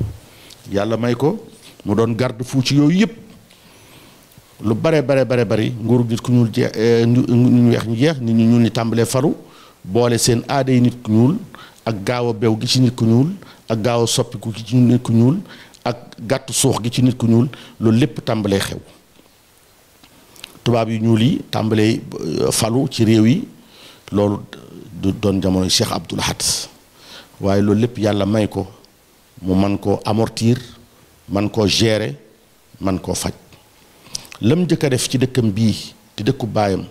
yàlla may ko mu doon garde fou ci yooyu yëpp lu bare bare bare bari nguurug nit ku ñuul jeex eh, ñu weex ñu ñu ñuul tàmbalee faru boole seen aada yi nit ku ñuul ak gaaw bew gi ci nit ku ñuul ak gaaw a gi ci ku ñuul ak gàtt suux gi ci nit ku ñuul loolu lépp tàmbalee xew tubaab yu ñuul yi tàmbalee euh, falu ci réew yi loolu du doon jamono Cheikh Abdoul Ahad waaye loolu lépp yàlla may ko mu man koo amortir man koo gérer man koo faj lam njëkk a def ci dëkkam bii di dëkku baayam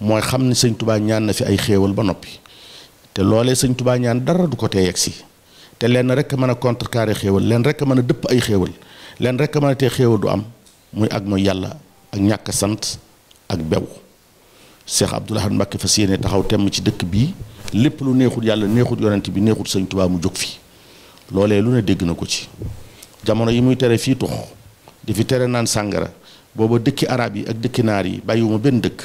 mooy xam ne sëñ tubaa ñaan na fi ay xéewal ba noppi te loolee sëñ tubaa ñaan dara du ko tee yegg si te lenn rek mën a contrecarrer xéewal leen rek mën a dëpp ay xéewal leen rek mën a te xeewal du am muy ak mooy yàlla ak ñàkk sant ak bew Cheikh Abdoul Ahad Mbacké fas yéene taxaw temm ci dëkk bii lépp lu neexut yàlla neexut yonent bi neexut sëñ tubaa jóg fi loole lu ne dégg na ko ci jamono yi muy tere fii tux di fi tere naan sàngara booba dëkki arab yi ak dëkki naar yi ma benn dëkk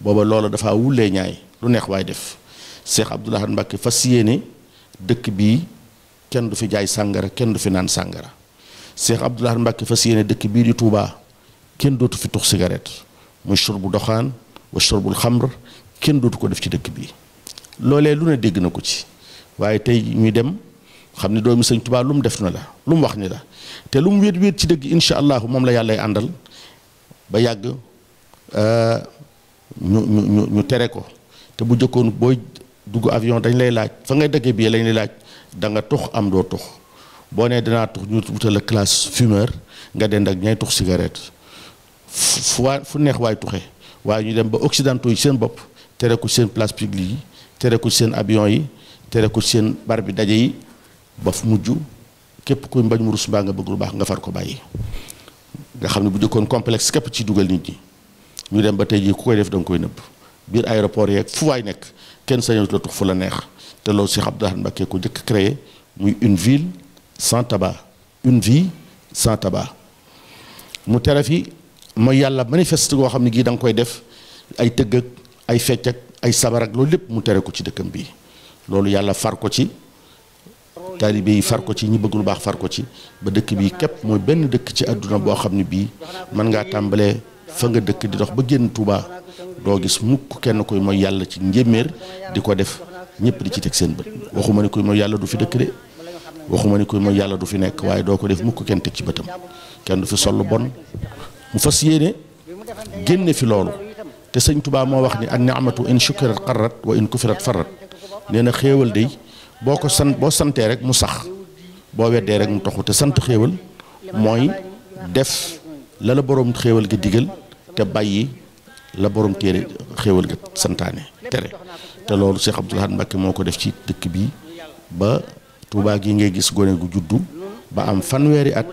booba loola dafa wullee ñaay lu neex waaye def Cheikh Abdoul Ahad Mbacké fas yéene dëkk bii kenn du fi jaay sàngara kenn du fi naan sàngara Cheikh Abdoul Ahad Mbacké fas yéene dëkk bii di Touba kenn dootu fi tux cigarette muy surbu doxaan wa shurbul xamr kenn dootu ko def ci dëkk bii loole lu ne dégg na ko ci waaye tey ñuy dem xam ne doomi sëñ Tuubaa lu mu def na la lu mu wax ni la te lu mu wéet wéet ci dëgg incha allahu moom la yàllay àndal ba yàgg euh, ñu ñu ñu tere ko te bu jëkkoon booy dugg avion dañ lay laaj fa ngay dëggee bii lañ lay laaj da nga tux am doo tux boo nee danaa ñu wutal la classe fumeur nga dend ak ñay tux cigarette fu waa fu neex waay tuxe waaye ñu dem ba occidentaux yi seen bopp tere ko seen place publique yi tere ko seen avion yi tere ko seen bar daje yi ba fu mujj képp kuy mbañ mu rus nga bëgg lu baax nga far ko bàyyi nga xam ne bu jëkkoon complexe képp ci dugal nit ñi ñu dem ba tey jii ku koy def da koy nëbb biir aéroport yeeg fu waay nekk kenn sañatu la tux fu la neex te loolu Cheikh Abdou Lahad Mbacké ko njëkk créé muy une ville sans tabac une vie sans tabac mu tere fi mooy yàlla manifeste goo xam ne gii da nga koy def ay tëgg ak ay fecc ak ay sabar ak loolu lépp mu tere ko ci dëkkam bi loolu yàlla far ko ci. taalibe yi far ko ci ñi bëgg lu baax far ko ci ba dëkk bii képp mooy benn dëkk ci àdduna boo xam ne bii mën ngaa tàmbalee fa nga dëkk di dox ba génn Touba doo gis mukk kenn koy mooy yàlla ci njéeméer di ko def ñëpp di ci teg seen bët waxuma ni koy mooy yàlla du fi dëkk de waxuma ni koy mooy yàlla du fi nekk waaye doo ko def mukk kenn teg ci bëtam kenn du fi sollu bon mu fas yéene génne fi loolu te sëñ Touba moo wax ni ak ni'matu in shukirat qarrat wa in kufirat farrat nee xéewal day boo ko sant boo santee rek mu sax boo weddee rek mu taxu te sant xéewal mooy def lala la boroom xéewal ga digal te bàyyi la boroom téere xéewal ga santaane tere te loolu Cheikh Abdoul Ahad Mbacké moo ko def ci dëkk bi ba Touba gi ngay gis gone gu juddu ba am fanweeri at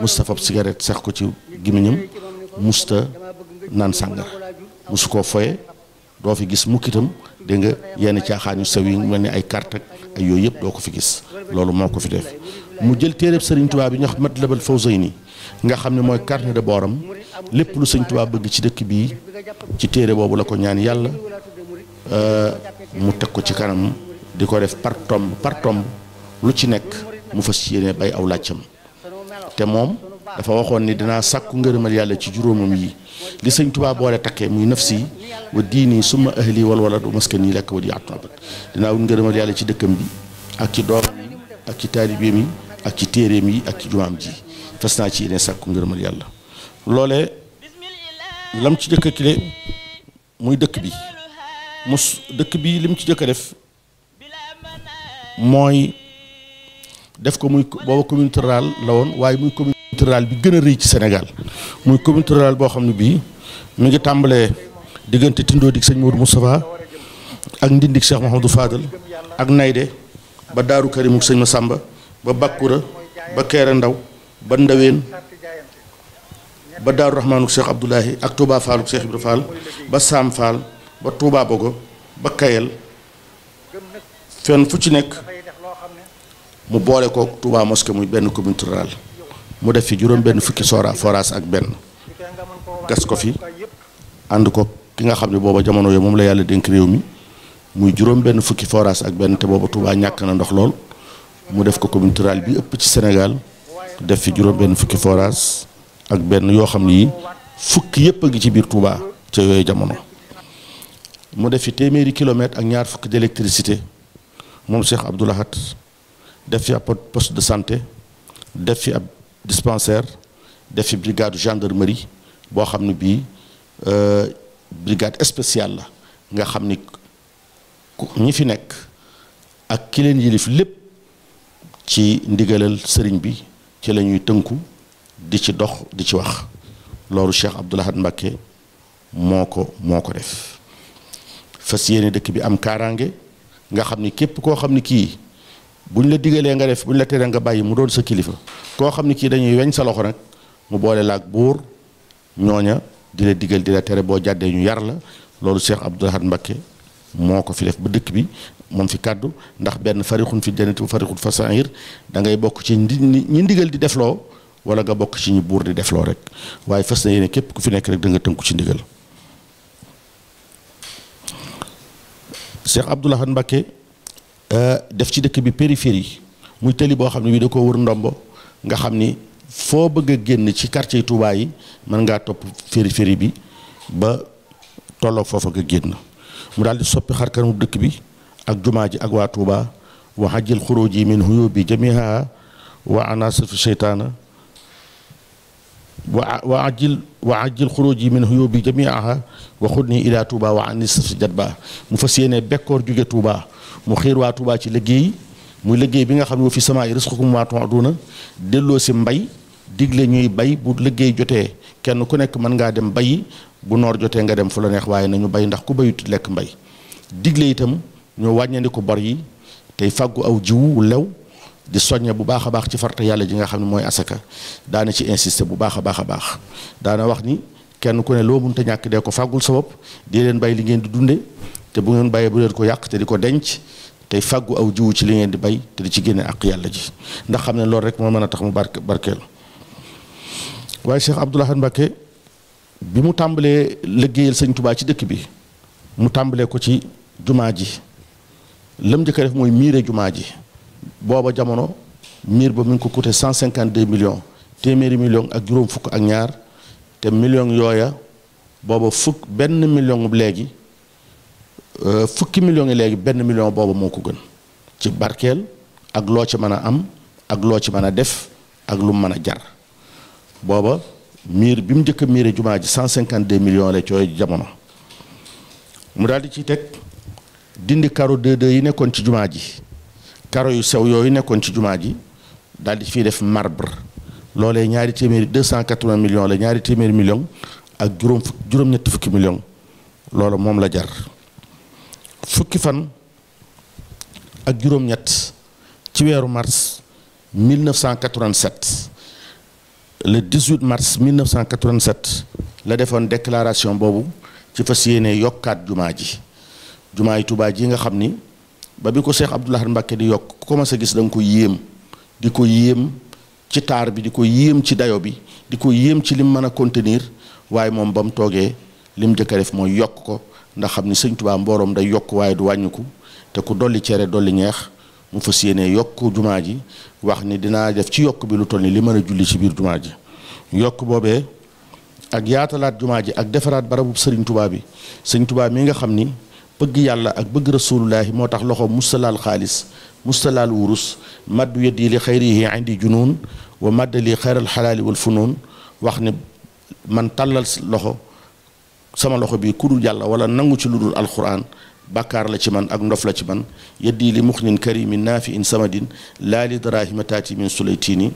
Moustapha cigarette seex ko ci gémmiñam musta naan sàngara musu koo foye doo fi gis mukkitam dégg nga yenn caaxaan yu sew yi mel ni ay carte ay yooyu yëpp doo ko fi gis loolu moo ko fi def mu jël téereb Serigne Touba bi mat ñu wax Matlabul Fawzayni nga xam ne mooy carnet de booram lépp lu Serigne Touba bëgg ci dëkk bii ci téere boobu la ko ñaan yàlla euh, mu teg ko ci kanam di ko def par tomb par tomb lu ci nekk mu fas yéene bay aw làccam te moom. dafa waxoon ni dinaa sàkku ngërëmal yàlla ci juróomam yi li sëñ Tuubaa boole takkee muy nafsi wa diini summa ahli wal waladu maskani lekk wa di atubat dinaa wut ngërëmal yàlla ci dëkkam bi ak ci doomam yi ak ci taalibeem yi ak ci téereem yi ak ci jumaam ji fas naa ci yéene sàkku ngërëmal yàlla loole lam ci jëkk kile muy dëkk bi mus dëkk bi lim ci jëkk a def mooy def ko muy booba commune rurale la woon waaye muy commune communauté bi gën a rëy ci Sénégal muy communauté rurale boo xam ne bii mi ngi tàmbalee diggante Tindoo dik sëñ Modou Moustapha ak Ndindik Cheikh Mouhamadou Fadal ak Nayde ba Daaru Karim ak sëñ Massamba ba Bakkura ba Keere Ndaw ba Ndaween ba Daaru Rahmaanu Cheikh Abdoulahi ak Touba Fallou Cheikh Ibra Fall ba Sam Fall ba Touba Bogo ba Kayel fenn fu ci nekk mu boole ko Touba mosquée muy benn commune rurale mu def fi juróom-benn fukki soora forage ak benn gas ko fi ànd ko ki nga xam ne booba jamono yooyu moom la yàlla dénk réew mi muy juróom-benn fukki forage ak benn te booba Touba ñàkk na ndox lool mu def ko commune rurale bi ëpp ci Sénégal def fi juróom-benn fukki forage ak benn yoo xam ni fukki yëpp a ngi ci biir Touba ca yooyu jamono mu def fi téeméeri kilomètre ak ñaar fukki d'électricité moom Cheikh Abdou Lahad def fi ab post de santé def fi ab. dispensaire def fi brigade gendarmerie boo xam ne bii euh, brigade spéciale la nga xam ni ñi fi nekk ak ki leen yilif lépp ci ndigalal sëriñ bi ci la ñuy tënku di ci dox di ci wax loolu Cheikh Abdoul Ahad moo ko moo ko def fas yéene dëkk bi am kaaraange nga xam ni képp koo xam ni kii bu ñu la digalee nga def buñ la teree nga bàyyi mu doon sa kilifa koo xam ne kii dañuy weñ sa loxo nag mu boole laak buur ñooña di la digal di la tere boo jàddee ñu yar la loolu Cheikh Abdou Lahad Mbacké moo ko fi def ba dëkk bi moom fi kàddu ndax benn farixun fi jannati wa farixun fa sa'ir da ngay bokk ci ñi ndigal di defloo wala nga bokk ci buur di defloo rek waaye fas na yéene képp ku fi nekk rek da nga tënku ci ndigal Cheikh Abdou Euh, def ci dëkk bi périphérie muy tëli boo xam ne bii da koo wër ndombo nga xam ni foo bëgg génn ci quartier Touba yi mën ngaa topp périphérie bi ba tolloog foofa nga génn mu daal di soppi xar kanamu dëkk bi ak jumaa ji ak waa Touba wa hajjil xuruji min huyubi jamiha wa anasatu seytaana wa wa ajil wa ajil xuruji min huyubi jamiha wa xudni ila Touba wa mu fas yéene bekkoor jóge Touba mu xiir waa Touba ci liggéey muy liggéey bi nga xam ne fi sama ay risqukum waa na delloo si mbay digle ñuy bay bu liggéey jotee kenn ku nekk mën ngaa dem bay bu noor jotee nga dem fu la neex waaye nañu bay ndax ku bayut lekk mbay digle itam ñu wàññandiku bor yi tey fàggu aw jiw lew di soññe bu baax a baax ci farta yàlla ji nga xam ne mooy asaka daana ci insister bu baax a baax a baax daana wax ni kenn ku ne loo mënta ñàkk dee ko fàggul sa bopp di leen bay li ngeen di dunde te bu ngeen bàyyee bu leen ko yàq te di ko denc tey fàggu aw jiwu ci li ngeen di bay te di ci génne ak yàlla ji ndax xam ne loolu rek moo mën a tax mu barke barkeel waaye Cheikh Abdoul bi mu tàmbalee liggéeyal sëñ Tubaa ci dëkk bi mu tàmbalee ko ci jumaa ji lam njëkk a def mooy miire jumaa ji booba jamono miir ba mu ngi ko cinquante 152 million téeméeri million ak juróom fukk ak ñaar te million yooya booba fukk benn million léegi Euh, fukki millions yi léegi benn million boobu moo ko gën ci barkeel ak loo ci mën a am ak loo ci mën a def ak lum mu mën a jar booba miir bi mu njëkk miire jumaa ji 152 millions la cooy jamono mu daal di ciy teg dindi karo 2-2 yi nekkoon ci jumaa ji karo yu sew yooyu nekkoon ci jumaa ji daal di fiy def marbre loole ñaari téeméeri 280 millions la ñaari téeméeri millions ak juróom fukk juróom-ñetti fukki million loolu moom la jar. fukki fan ak juróom-ñett ci weeru mars 1987 le 18 mars 1987 la defoon déclaration boobu ci fas yéene yokkaat jumaa ji jumaa yi Tuubaa ji nga xam ni ba bi ko Cheikh Abdoul Ahad di yokk ku commencé gis da ko yéem di ko yéem ci taar bi di ko yéem ci dayo bi di ko yéem ci lim mën a contenir waaye moom ba mu toogee lim jëkk a def mooy yokk ko ndax xam ni sëñ Tuubaa mbooroom day yokk waaye du wàññiku te ku dolli cere dolli ñeex mu fas yéene yokk jumaa ji wax ni dinaa def ci yokk bi lu toll ni li mën a julli ci biir jumaa ji yokk boobee ak yaatalaat jumaa ji ak defaraat barabu sëriñ Tuubaa bi sëñ Tuubaa nga xam ni bëgg yàlla ak bëgg rasulullahi moo tax loxo mustalaal xaalis mustalaal wurus maddu yeddi li xayrihi indi junuun wa màdd li xayral xalaali wal funuun wax ni man tàllal loxo sama loxo bii ku dul yàlla wala nangu ci lu dul alquran bàkkaar la ci man ak ndof la ci man yeddi li muxnin karimin naafi in samadin laa li darahima taati min sulaytiini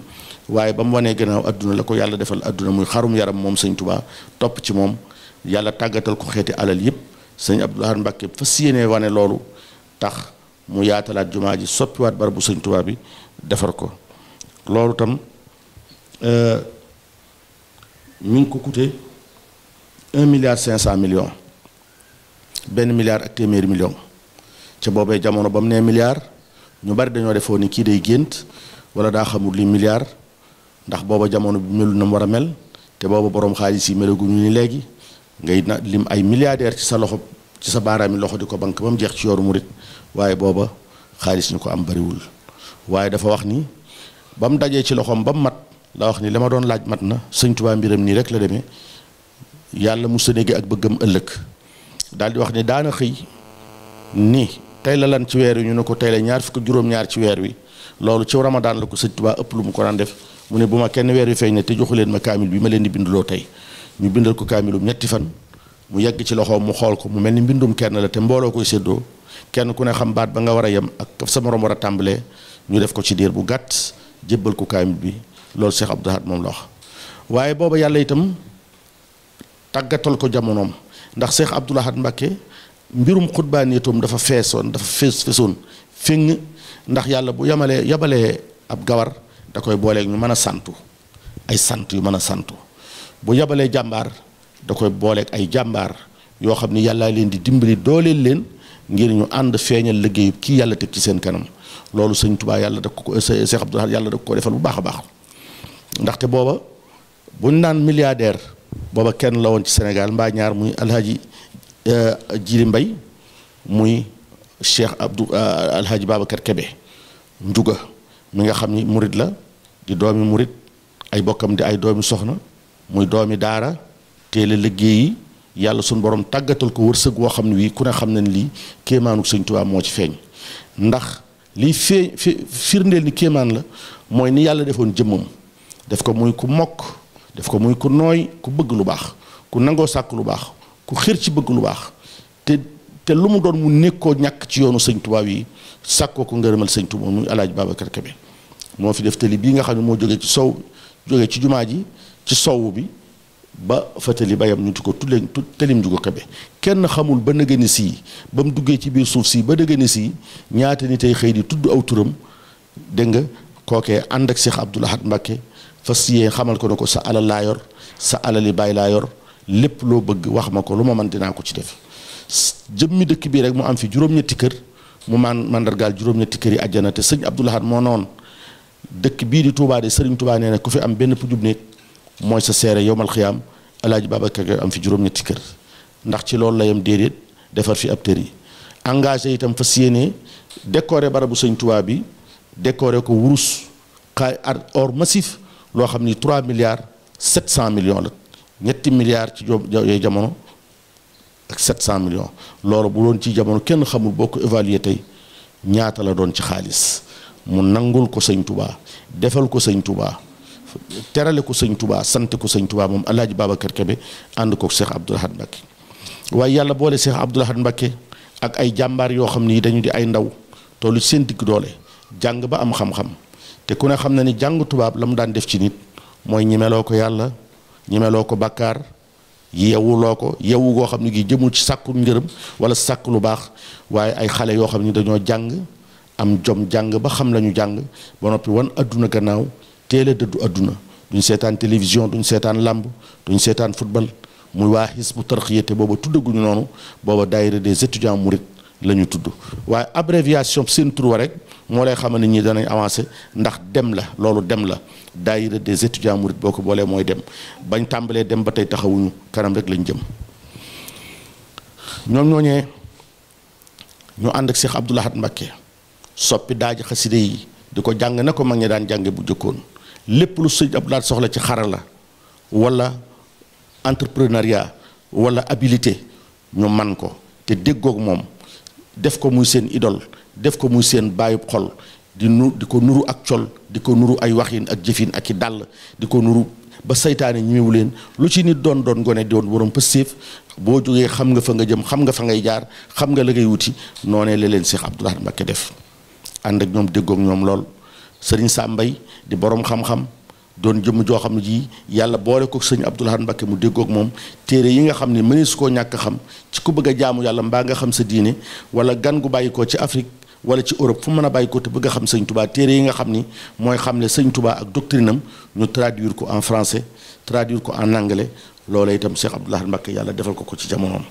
waaye ba mu wanee gannaaw adduna la ko yàlla defal adduna muy xarum yaram moom sëñ Tuubaa topp ci moom yàlla tàggatal ko xeeti alal yëpp sëñ Abdou Lahad Mbàkke fa siyéene wane loolu tax mu yaatalaat jumaa ji soppiwaat barabu sëñ Tuubaa bi defar ko loolu tam euh, mi ko kute un milliard cinq cent millions benn milliard ak téeméeri million ca boobee jamono ba mu ne milliard ñu bari dañoo defoo ni kii day gént wala daa xamul li milliard ndax booba jamono bu melu na mu war a mel te booba boroom xaalis yi melaguñu ni léegi ngay na lim ay milliardaire ci sa loxo ci sa baaraami loxo di ko banque ba mu jeex ci yoru murit waaye booba xaalis ñu ko am bariwul waaye dafa wax ni ba mu dajee ci loxoom ba mu mat la wax ni li ma doon laaj mat na sëñ Tuubaa mbiram nii rek la demee yàlla mu sënegi ak bëggam ëllëg dal di wax ni daana xëy ni tey la lan ci weer wi ñu ne ko tey la ñaar fukk juróom-ñaar ci weer wi loolu ci ramadaan la ko sëñ Tuubaa ëpp lu mu ko daan def mu ne bu ma kenn weer wi feeñ ne te joxu leen ma kaamil bi ma leen di binduloo tey ñu bindal ko kaamilum ñetti fan mu yegg ci loxoom mu xool ko mu mel ni mbindum kenn la te mbooloo koy séddoo kenn ku ne xam baat ba nga war a yem ak sa morom war a tàmbalee ñu def ko ci diir bu gàtt jébbal ko kaamil bi loolu Cheikh moom la tàggatal ko jamonoom ndax seex Abdoul Ahad Mbacké mbirum xutbaaniyatum dafa feesoon dafa fees feesoon feng ndax yàlla bu yamalee yabalee ab gawar da koy booleeg ñu mën a santu ay sant yu mën a santu bu yabalee jàmbaar da koy booleeg ay jàmbaar yoo xam ni yàllaa leen di dimbali dooleel leen ngir ñu ànd feeñal liggéeyu kii yàlla teg ci seen kanam loolu sëñ Tuubaa yàlla da ko Cheikh yàlla da ko defal bu baax a baax ndaxte booba buñ naan milliardaire. booba kenn la woon ci Sénégal mbaa ñaar muy alhaji euh, Jili Mbay muy Cheikh Abdou euh, alhaji Babacar Kebe njuga mu nga xam ni murit la di doomi murit ay bokkam di ay doomi soxna muy doomi daara teel liggéey yi yàlla suñu borom tàggatal ko wërsëg woo xam ne wii ku ne xam ne lii kéemaanu Sëñ Tuubaa moo ci feeñ ndax lii fee firndeel ni kéemaan la mooy ni yàlla defoon jëmmam def ko muy ku mokk def ko muy ku nooy ku bëgg lu baax ku nangoo sàkk lu baax ku xër ci bëgg lu baax te te lu mu doon mu nekkoo ñàkk ci yoonu sëñ Tuubaa yi sàkkoo ko ngërëmal sëñ Tuubaa mu alaaj Babacar Kebe moo fi def tali nga xam ne moo jógee ci sow jógee ci jumaa ji ci sow bi ba fa ba bayam ñu ti ko tulle telim ju ko Kebe kenn xamul ba nëgëni sii ba mu duggee ci biir suuf si ba nëgëni sii ñaata ni tey xëy di tudd aw turam dégg nga kookee ànd ak Cheikh Abdoul Ahad Mbacké fas yee xamal ko ne ko sa alal laa yor sa alali bàyyi laa yor lépp loo bëgg wax ma ko lu ma man dinaa ko ci def jëmmi dëkk bii rek mu am fi juróom-ñetti kër mu man mandargaal juróom-ñetti kër yi àjjana te sëñ Abdou moo noonu dëkk bii di Touba de Serigne Touba nee na ku fi am benn pujub néeg mooy sa seere yowmal xiyaam alaaji Babacar Gueye am fi juróom-ñetti kër ndax ci loolu la yam déedéet defar fi ab tër yi engagé itam fas yéene décorer barabu sëñ Touba bi décorer ko wurus xaay loo xam ni 3 milliards 700 millions la ñetti milliards ci yooyu jamono ak 700 millions loolu bu doon ci jamono kenn xamul boo ko évaluer tey ñaata la doon ci xaalis mu nangul ko sëñ tubaa defal ko sëñ tubaa terale ko sëñ tubaa sante ko sëñ tubaa moom alaaji Babacar Kebe ànd ko Cheikh Abdoul Ahad Mbacké waaye yàlla boole Cheikh Abdoul Ahad Mbacké ak ay jàmbaar yoo xam nii dañu di ay ndaw tollu seen digg doole jàng ba am xam te ku ne xam na ni jàng tubaab la mu daan def ci nit mooy ñimeloo ko yàlla ñimeloo ko bàkkaar yewuloo ko yewu goo xam ne gi jëmul ci sàkku ngërëm wala sàkk lu baax waaye ay xale yoo xam ni dañoo jàng am jom jàng ba xam la jàng ba noppi wan adduna gannaaw teel dëddu adduna duñ seetaan télévision duñ seetaan làmb duñ seetaan football muy waa Hizbut Tarqiyyah te booba tuddaguñu noonu booba daayira des étudiants mourides la ñu tudd waaye abréviation seen tur rek moo lay xamal ne ñi danañ avancé ndax dem la loolu dem la daayira des étudiants murit boo ko boolee mooy dem bañ tàmbalee dem ba tey taxawuñu kanam rek lañ jëm ñoom ñooñee ñu ànd ak Cheikh Abdoul Ahad Mbacké soppi daaji xaside yi di ko jàng na ko mag ñi daan jànge bu jëkkoon lépp lu sëñ Abdoul Ahad soxla ci xarala wala entrepreneuriat wala habilité ñu man ko te déggook moom def ko muy seen idol def ko muy seen bàyyub xol di nu di ko nuru ak col di ko nuru ay waxin ak jëfin ak i dàll di ko nuru ba seytaane ñemewu leen lu ci nit doon doon gone doon borom pëstéef boo jógee xam nga fa nga jëm xam nga fa ngay jaar xam nga la ngay wuti noonee la leen Cheikh Abdoul Ahad def ànd ak ñoom déggoog ñoom lool sëriñ mbay di borom xam-xam doon jëmm joo xam ne ji yàlla boole ko sëñ Abdoul Ahad Mbacké mu déggook moom téere yi nga xam ne mënees koo ñàkk xam ci ku bëgg a jaamu yàlla mbaa nga xam sa diine wala gan gu bàyyi ci Afrique wala ci Europe fu mën a bàyyi ko te bëgg xam sëñ Touba téere yi nga xam ni mooy xam ne sëñ tubaa ak doctrine am ñu traduire ko en français traduire ko en anglais loola itam Cheikh Abdoul Ahad Mbacké yàlla defal ko ko ci jamonoom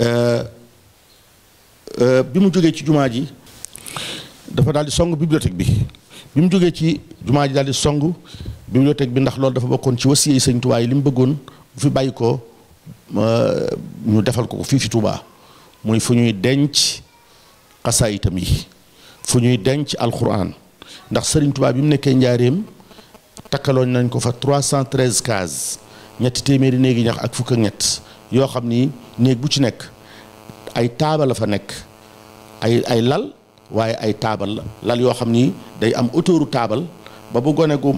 euh, euh, bi mu jógee ci jumaa ji dafa daal di song bi. bi mu jógee ci jumaa ji daal di song bibliothèque bi ndax loolu dafa bokkoon ci wasiye yi sëñ li mu bëggoon bu fi bàyyi ko ñu defal ko fii fi Tuubaa mooy fu ñuy denc xasaayitam yi fu ñuy denc alquran ndax sëriñ Tuubaa bi mu nekkee njaareem takkaloon nañ ko fa cent 313 cases ñetti téeméeri néegi ñax ak fukk ñett yoo xam ni néeg bu ci nekk ay taabal la fa nekk ay ay lal waaye ay taabal la lal yoo xam ni day am auteuru taabal ba bu gone gu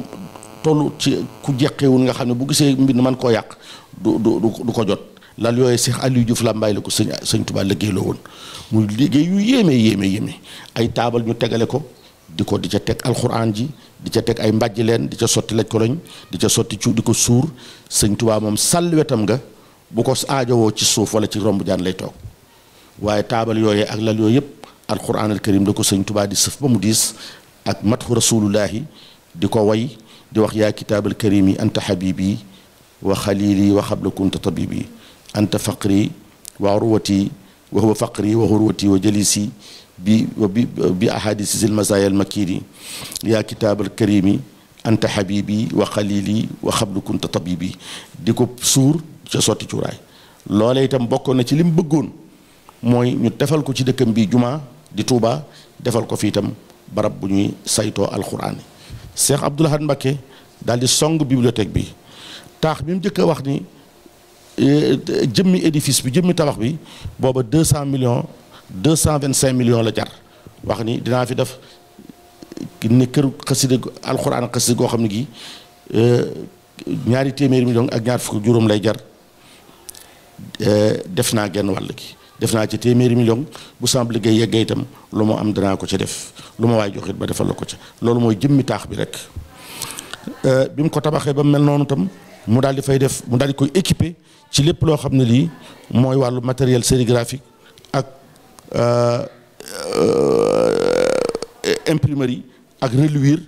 toll ci ku jeqewul nga xam ne bu gisee mbind man koo yàq du du du ko jot lal yooyu Cheikh Aliou la Lambaye la ko sëñ sëñ Tuubaa liggéeyloo woon mu liggéey yu yéeme yéeme yéeme ay taabal ñu tegale ko di ko di ca teg alxuraan ji di ca teg ay mbàjj leen di ca sotti laj koloñ di ca sotti ci di ko suur sëñ Tuubaa moom sàll wetam nga bu ko aajowoo ci suuf wala ci romb jaan lay toog waaye taabal yooyee ak lal yooyu yëpp alquran al karim da ko sëñ tubaa di sëf ba mu diis ak matxu rasulullahi di ko way di wax yaa kitaabal karim yi anta xabibi wa xalili wa xabla kunta tabibi anta faqri wa urwati wa huwa faqri wa urwati wa jalisi bi bi bi ahadisi zil masaya al makiri yaa kitaabal tabibi di ko suur ca sotti cuuraay loolee itam bokkoon na ci li mu mooy ñu defal ko ci dëkkam bi jumaa di Touba defal ko fi itam barab bu ñuy saytoo alxuraan yi Cheikh Abdoul Ahad Mbacké di song bibliothèque bi taax bi mu njëkk wax ni eh, jëmmi édifice bi jëmmi tabax bi booba 200 millions 225 millions la jar wax ni dinaa fi def ni kër xasida alxuraan xasida goo xam ne gi eh, ñaari téeméeri millions ak ñaar fukk juróom lay jar eh, def naa genn wàll gi def naa ci téeméeri million bu samp liggéey yeggee itam lu mu am danaa ko ci def lu ma waay joxit ba defal la ko ci loolu mooy jëmmi taax bi rek euh, bi mu ko tabaxee ba mu mel noonu tam mu daal di fay def mu daal di koy équiper ci lépp loo xam ne lii mooy wàllu matériel sérigraphique ak euh, euh, imprimerie ak reluire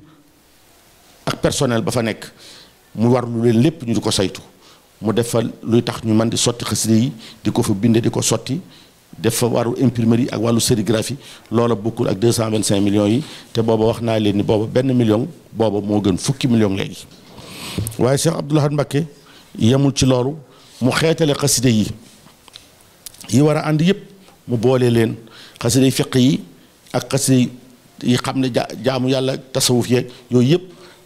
ak personnel ba fa nekk mu war lu leen lépp ñu di ko saytu mu defal luy tax ñu mën di sotti xasida yi di ko fa bindee di ko sotti def fa wàllu imprimerie ak wàllu sérigraphie loola bokkul ak 225 millions yi te booba wax naa leen ni booba benn million booba moo gën fukki million léegi waaye Cheikh Abdoul yemul ci loolu mu xeetale xaside yi yi war a ànd yëpp mu boole leen xaside yi yi ak xaside xam ne jaamu yàlla tasawuf yeeg yooyu yëpp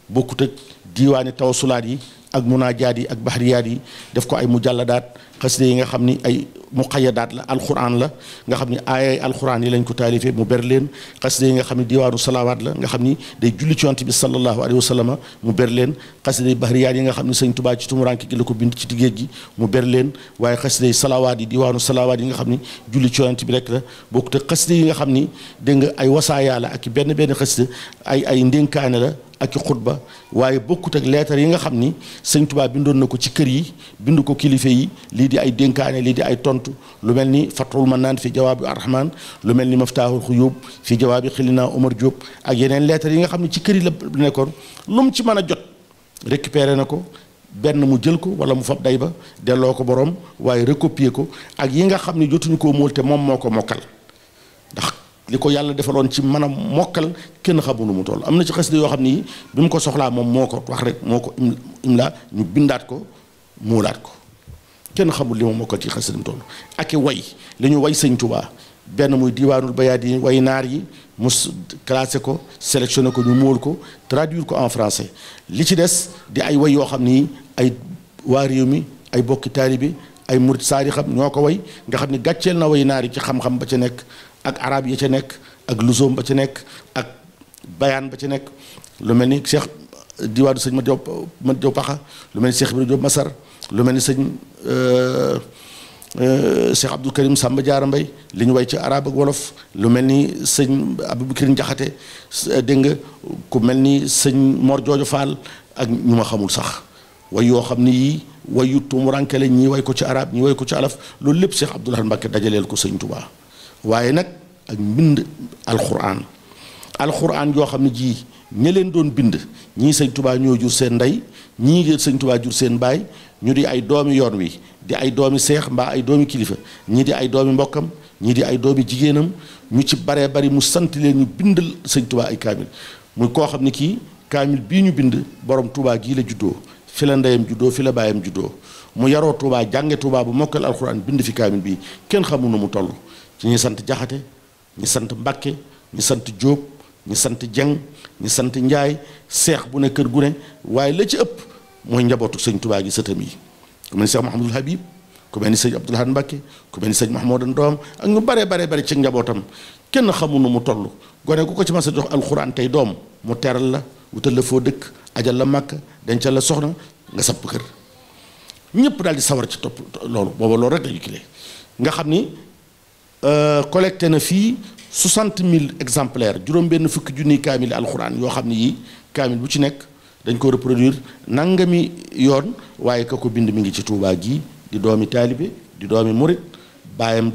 bokkut ak diiwaani tawasulaat yi ak munaajaat yi ak bahriyaat yi def ko ay mujalladaat xasida yi nga xam ni ay muqayadaat la alquran la nga xam ni aayay alquran yi lañ ko taalifee mu ber leen xasida yi nga xam ni diwaanu salawaat la nga xam ni day julli ci yonent bi sallallahu alayhi leen xasida yi bahriyaat yi nga xam ni sëñ Tubaa ci tumuranke gi la ko bind ci digéej gi mu ber leen waaye xasida yi salawaat yi diwaanu salawaat nga xam ni julli ci yonent bi rek la bokk te xasida yi nga xam ni dégg nga ay wasaayaa la ak benn benn xasida ay ay ndénkaane la ak i xutba waaye bokkut ak leetar yi nga xam ni sëñ bindoon na ko ci kër yi bind ko kilifa yi lii di ay dénkaane lii di ay tontu lu mel ni fathul naan fi jawaabi arrahman lu mel ni maftaahul xuyub fi jawaabi xilina Omar Diop ak yeneen leetar yi nga xam ne ci kër yi la nekkoon lu ci mën a jot récupéré na ko benn mu jël ko wala mu fab day ba delloo ko borom waaye recopier ko ak yi nga xam ne jotuñu koo mool te moom moo ko mokkal li ko yàlla defaloon ci mën a mokkal kenn xamul mu toll am na ci xasida yoo xam nii bi mu ko soxlaa moom moo ko wax rek moo ko imla ñu bindaat ko muulaat ko kenn xamul li ma mokkal ci xasida mu toll ak way li ñu way sëñ Tuubaa benn muy diwaanul bayaat yi way naar yi mu classé ko sélectionné ko ñu muul ko traduire ko en français li ci des di ay way yoo xam ni ay waa réew mi ay bokki taalibe ay murit saari xam ñoo ko way nga xam ni gàcceel na way yi ci xam-xam ba ca nekk ak araab ya ca nekk ak lusoom ba ci nekk ak bayaan ba ci nekk lu mel ni Cheikh diwaanu sëñ Madiaw Madiaw Paxa lu mel ni Cheikh Ibrahima Diop Masar lu mel ni sëñ euh, euh, Cheikh Abdou Karim Samba Diarra Mbaye li ñu way ci arab wolof lu mel ni sëñ Aboubacar Njaxate euh, dégg nga ku mel ni sëñ Mor Joojo Fall ak ñu ma xamul sax way yoo xam ni yii wayu tumurankele ñi way ko ci arab ñi way ko ci alaf loolu lépp Cheikh Abdoul Ahad Mbacké dajaleel ko sëñ Tuubaa waaye nag ak mbind alxuraan alxuraan yoo xam ne jii ña leen doon bind ñii sëñ tubaa ñoo jur seen ndey ñii sëñ Tuubaa jur seen baay ñu di ay doomi yoon wi di ay doomi seex mbaa ay doomi kilifa ñii di ay doomi mbokkam ñii di ay doomi jigéenam ñu ci bare bari mu sant leen ñu bindal sëñ Tuubaa ay kaamil muy koo xam ne kii kaamil bii ñu bind borom Tuubaa gii la juddoo fi la ndeyam juddoo fi la baayam juddoo mu yaroo Touba jànge Touba bu mokkal alxuraan bind fi kaamil bi kenn xamu na mu tollu ci ñi sant Jaxate ñi sant Mbàkke ñi sant Jóob ñi sant Jeng ñi sant Njaay seex bu ne kër gu ne waaye la ci ëpp mooy njabootu sëñ Touba gi sëtam yi ku mel ni Seex Mahamadul Habib ku mel ni sëñ Abdul Ahad Mbàkke ku mel Doom ak ñu bare bare ci njabootam kenn xamu nu mu toll gone ku ko ci mas a jox alxuraan tey doom mu teral la wutal la foo dëkk ajal la màkk dencal la soxna nga sapp kër ñëpp daal di sawar ci topp loolu booba loolu rek la kile nga xam ni euh, collecté na fii soixante mille exemplaires juróom-benn fukki junniy kaamil alxuraan yoo xam ni yii kaamil bu ci nekk dañ ko reproduire nangami yoon waaye ka ko bind mi ngi ci Tuubaa gii di doomi taalibe di doomi murit baayam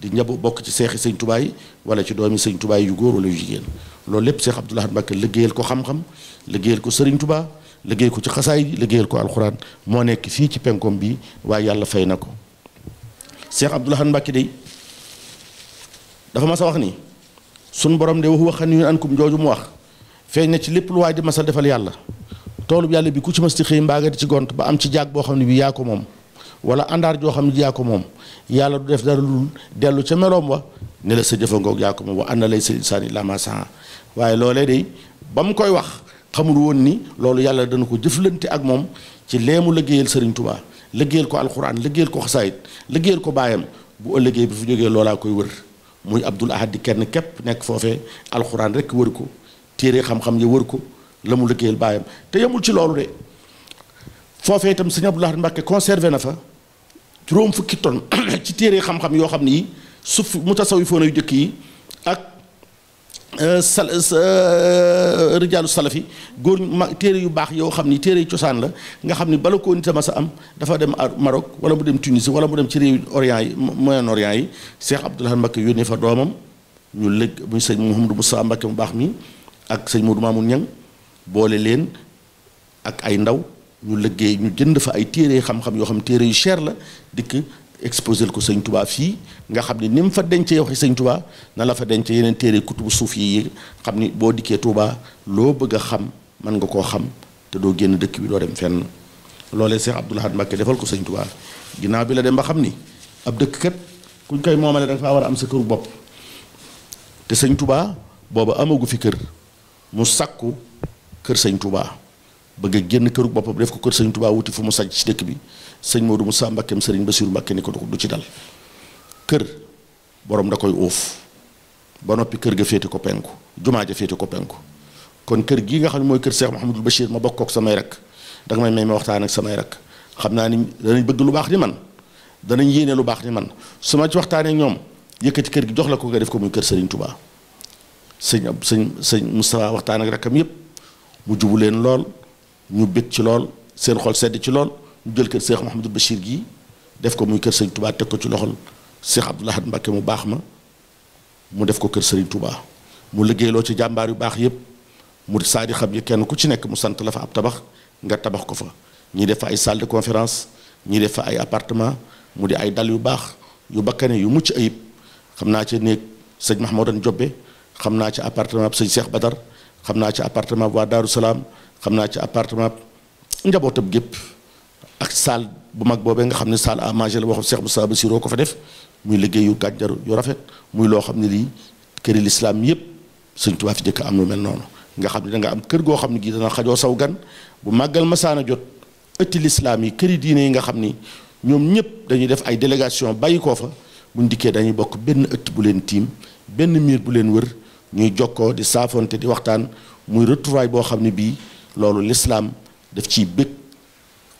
di ñabu bokk ci seexi sëñ tubaay yi wala ci doomi sëñ tubaay yu góor wala yu jigéen loolu lépp Seex Abdul Ahad Mbàkke liggéeyal ko xam-xam liggéeyal ko sëriñ tubaa liggéey ko ci xasaay yi liggéeyal ko alxuraan moo nekk fii ci penkoom bi waaye yàlla fay na ko Seex Abdul Ahad Mbàkke de dafa mas a wax ni sun borom de waxu xan yu ankum jooju mu wax feeñ na ci lépp lu waay di masal defal yàlla toolub yàlla bi ku ci mas ci xëy mbaa ci gont ba am ci jaag boo xam ne bi yaa ko moom wala àndaar joo xam ne yaa ko moom yàlla du def dara lu dellu ca meloom wa ne la sa jëfangoog yaa ko moom wa ànda lay sa insaani lama saa waaye loolee day ba mu koy wax xamul woon ni loolu yàlla dana ko jëflante ak moom ci leemu liggéeyal Serigne tubaa liggéeyal ko alxuraan liggéeyal ko xasaayit liggéeyal ko baayam bu ëllëgee bi fu jógee loolaa koy wër muy Abdul Ahad di kenn képp nekk foofee alxuraan rek wër ko téere xam-xam yi wër ko la mu liggéeyal baayam te yemul ci loolu de. foofee itam sëñ Abdou Lahad Mbacke conservé na fa juróom fukki ton ci téere xam-xam yoo xam ni suuf mutasawifoon yu jëkk yi ak euh, sal euh, rijaalu salafi góor ñu ma téere yu baax yoo xam ni téere yu cosaan la nga xam ni bala koo nit a mas am dafa dem Maroc wala mu dem Tunisie wala mu dem ci réew orient yi moyen orient yi Cheikh Abdou Lahad Mbacke fa doomam ñu lëg muy sëñ Mouhamadou Moussa Mbacke mu baax mi ak sëñ Modou Mamoun Niang boole leen ak ay ndaw ñu liggéey ñu jënd fa ay téere xam-xam yoo xam téere yu cher la dikk exposé ko sëñ tubaa fii nga xam ne ni mu fa dencee waxi sëñ tubaa na la fa dencee yeneen téere kutubu suuf yi xam ni boo dikkee tubaa loo bëgg a xam mën nga koo xam te doo génn dëkk bi doo dem fenn loolee Seex Abdul Ahad Mbàkke defal ko sëñ ginnaaw bi la dem ba xam ni ab dëkk kat kuñ koy moomale da nga faa war a am sa këru bopp te sëñ tubaa booba amagu fi kër mu sàkku kër sëñ tubaa bëgg a génn këru boppam def ko kër sëñ Tuubaa wuti fu mu saj ci dëkk bi sëñ mu sa Mbakkeem sëriñ Bassirou Mbakke ni ko du ci dal kër boroom da koy uuf ba noppi kër ga féete ko penku jumaa ja féete ko penku kon kër gii nga xam ne mooy kër seex Cheikh Mouhamadul Bachir ma bokk ak samay rek danga may may ma waxtaan ak samay rek xam naa ni danañ bëgg lu baax ni man danañ yéene lu baax ni man su ma ci waxtaanee ñoom yëkkati kër gi jox la ko nga def ko muy kër Serigne Touba sëñ ab sëñ sëñ Moustapha waxtaan ak rakkam yépp mu jubu leen lool. ñu bit ci lool seen xol sedd ci lool ñu jël kër Cheikh Mouhamadou Bachir gii def ko muy kër Serigne tubaa teg ko ci loxol Cheikh Abdoul Ahad Mbacké mu baax ma mu def ko kër Serigne Touba mu liggéeyloo ci jàmbaar yu baax yëpp mu saa xam yi kenn ku ci nekk mu sant la fa ab tabax nga tabax ko fa ñii def fa ay salle de conférence ñii def fa ay apartement mu di ay dal yu baax yu bakkane yu mucc ayib xam naa ca néeg sëñ Mahmoudan Jobbe xam naa ci appartement ab sëñ Cheikh Badar xam naa ca appartement waa Daaru Salaam xam naa ci appartement njabootam gépp ak salle bu mag boobee nga xam ne salle à la boo xam Cheikh Moussa Bassirou ko fa def muy liggéeyu gànjar yu rafet muy loo xam ne lii këri yëpp Sëñ Tuubaa fi jëkk am lu mel noonu nga xam ne da nga am kër goo xam ne gii dana xajoo saw gan bu màggal ma masaana jot ëtti lislaam yi këri diine yi nga xam ni ñoom ñëpp dañuy def ay délégation bàyyi koo fa muñ dikkee dañuy bokk benn ëtt bu leen tiim benn miir bu leen wër ñuy jokkoo di saafonte di waxtaan muy retrouvaille boo xam ne bii loolu lislaam def ciy bëgg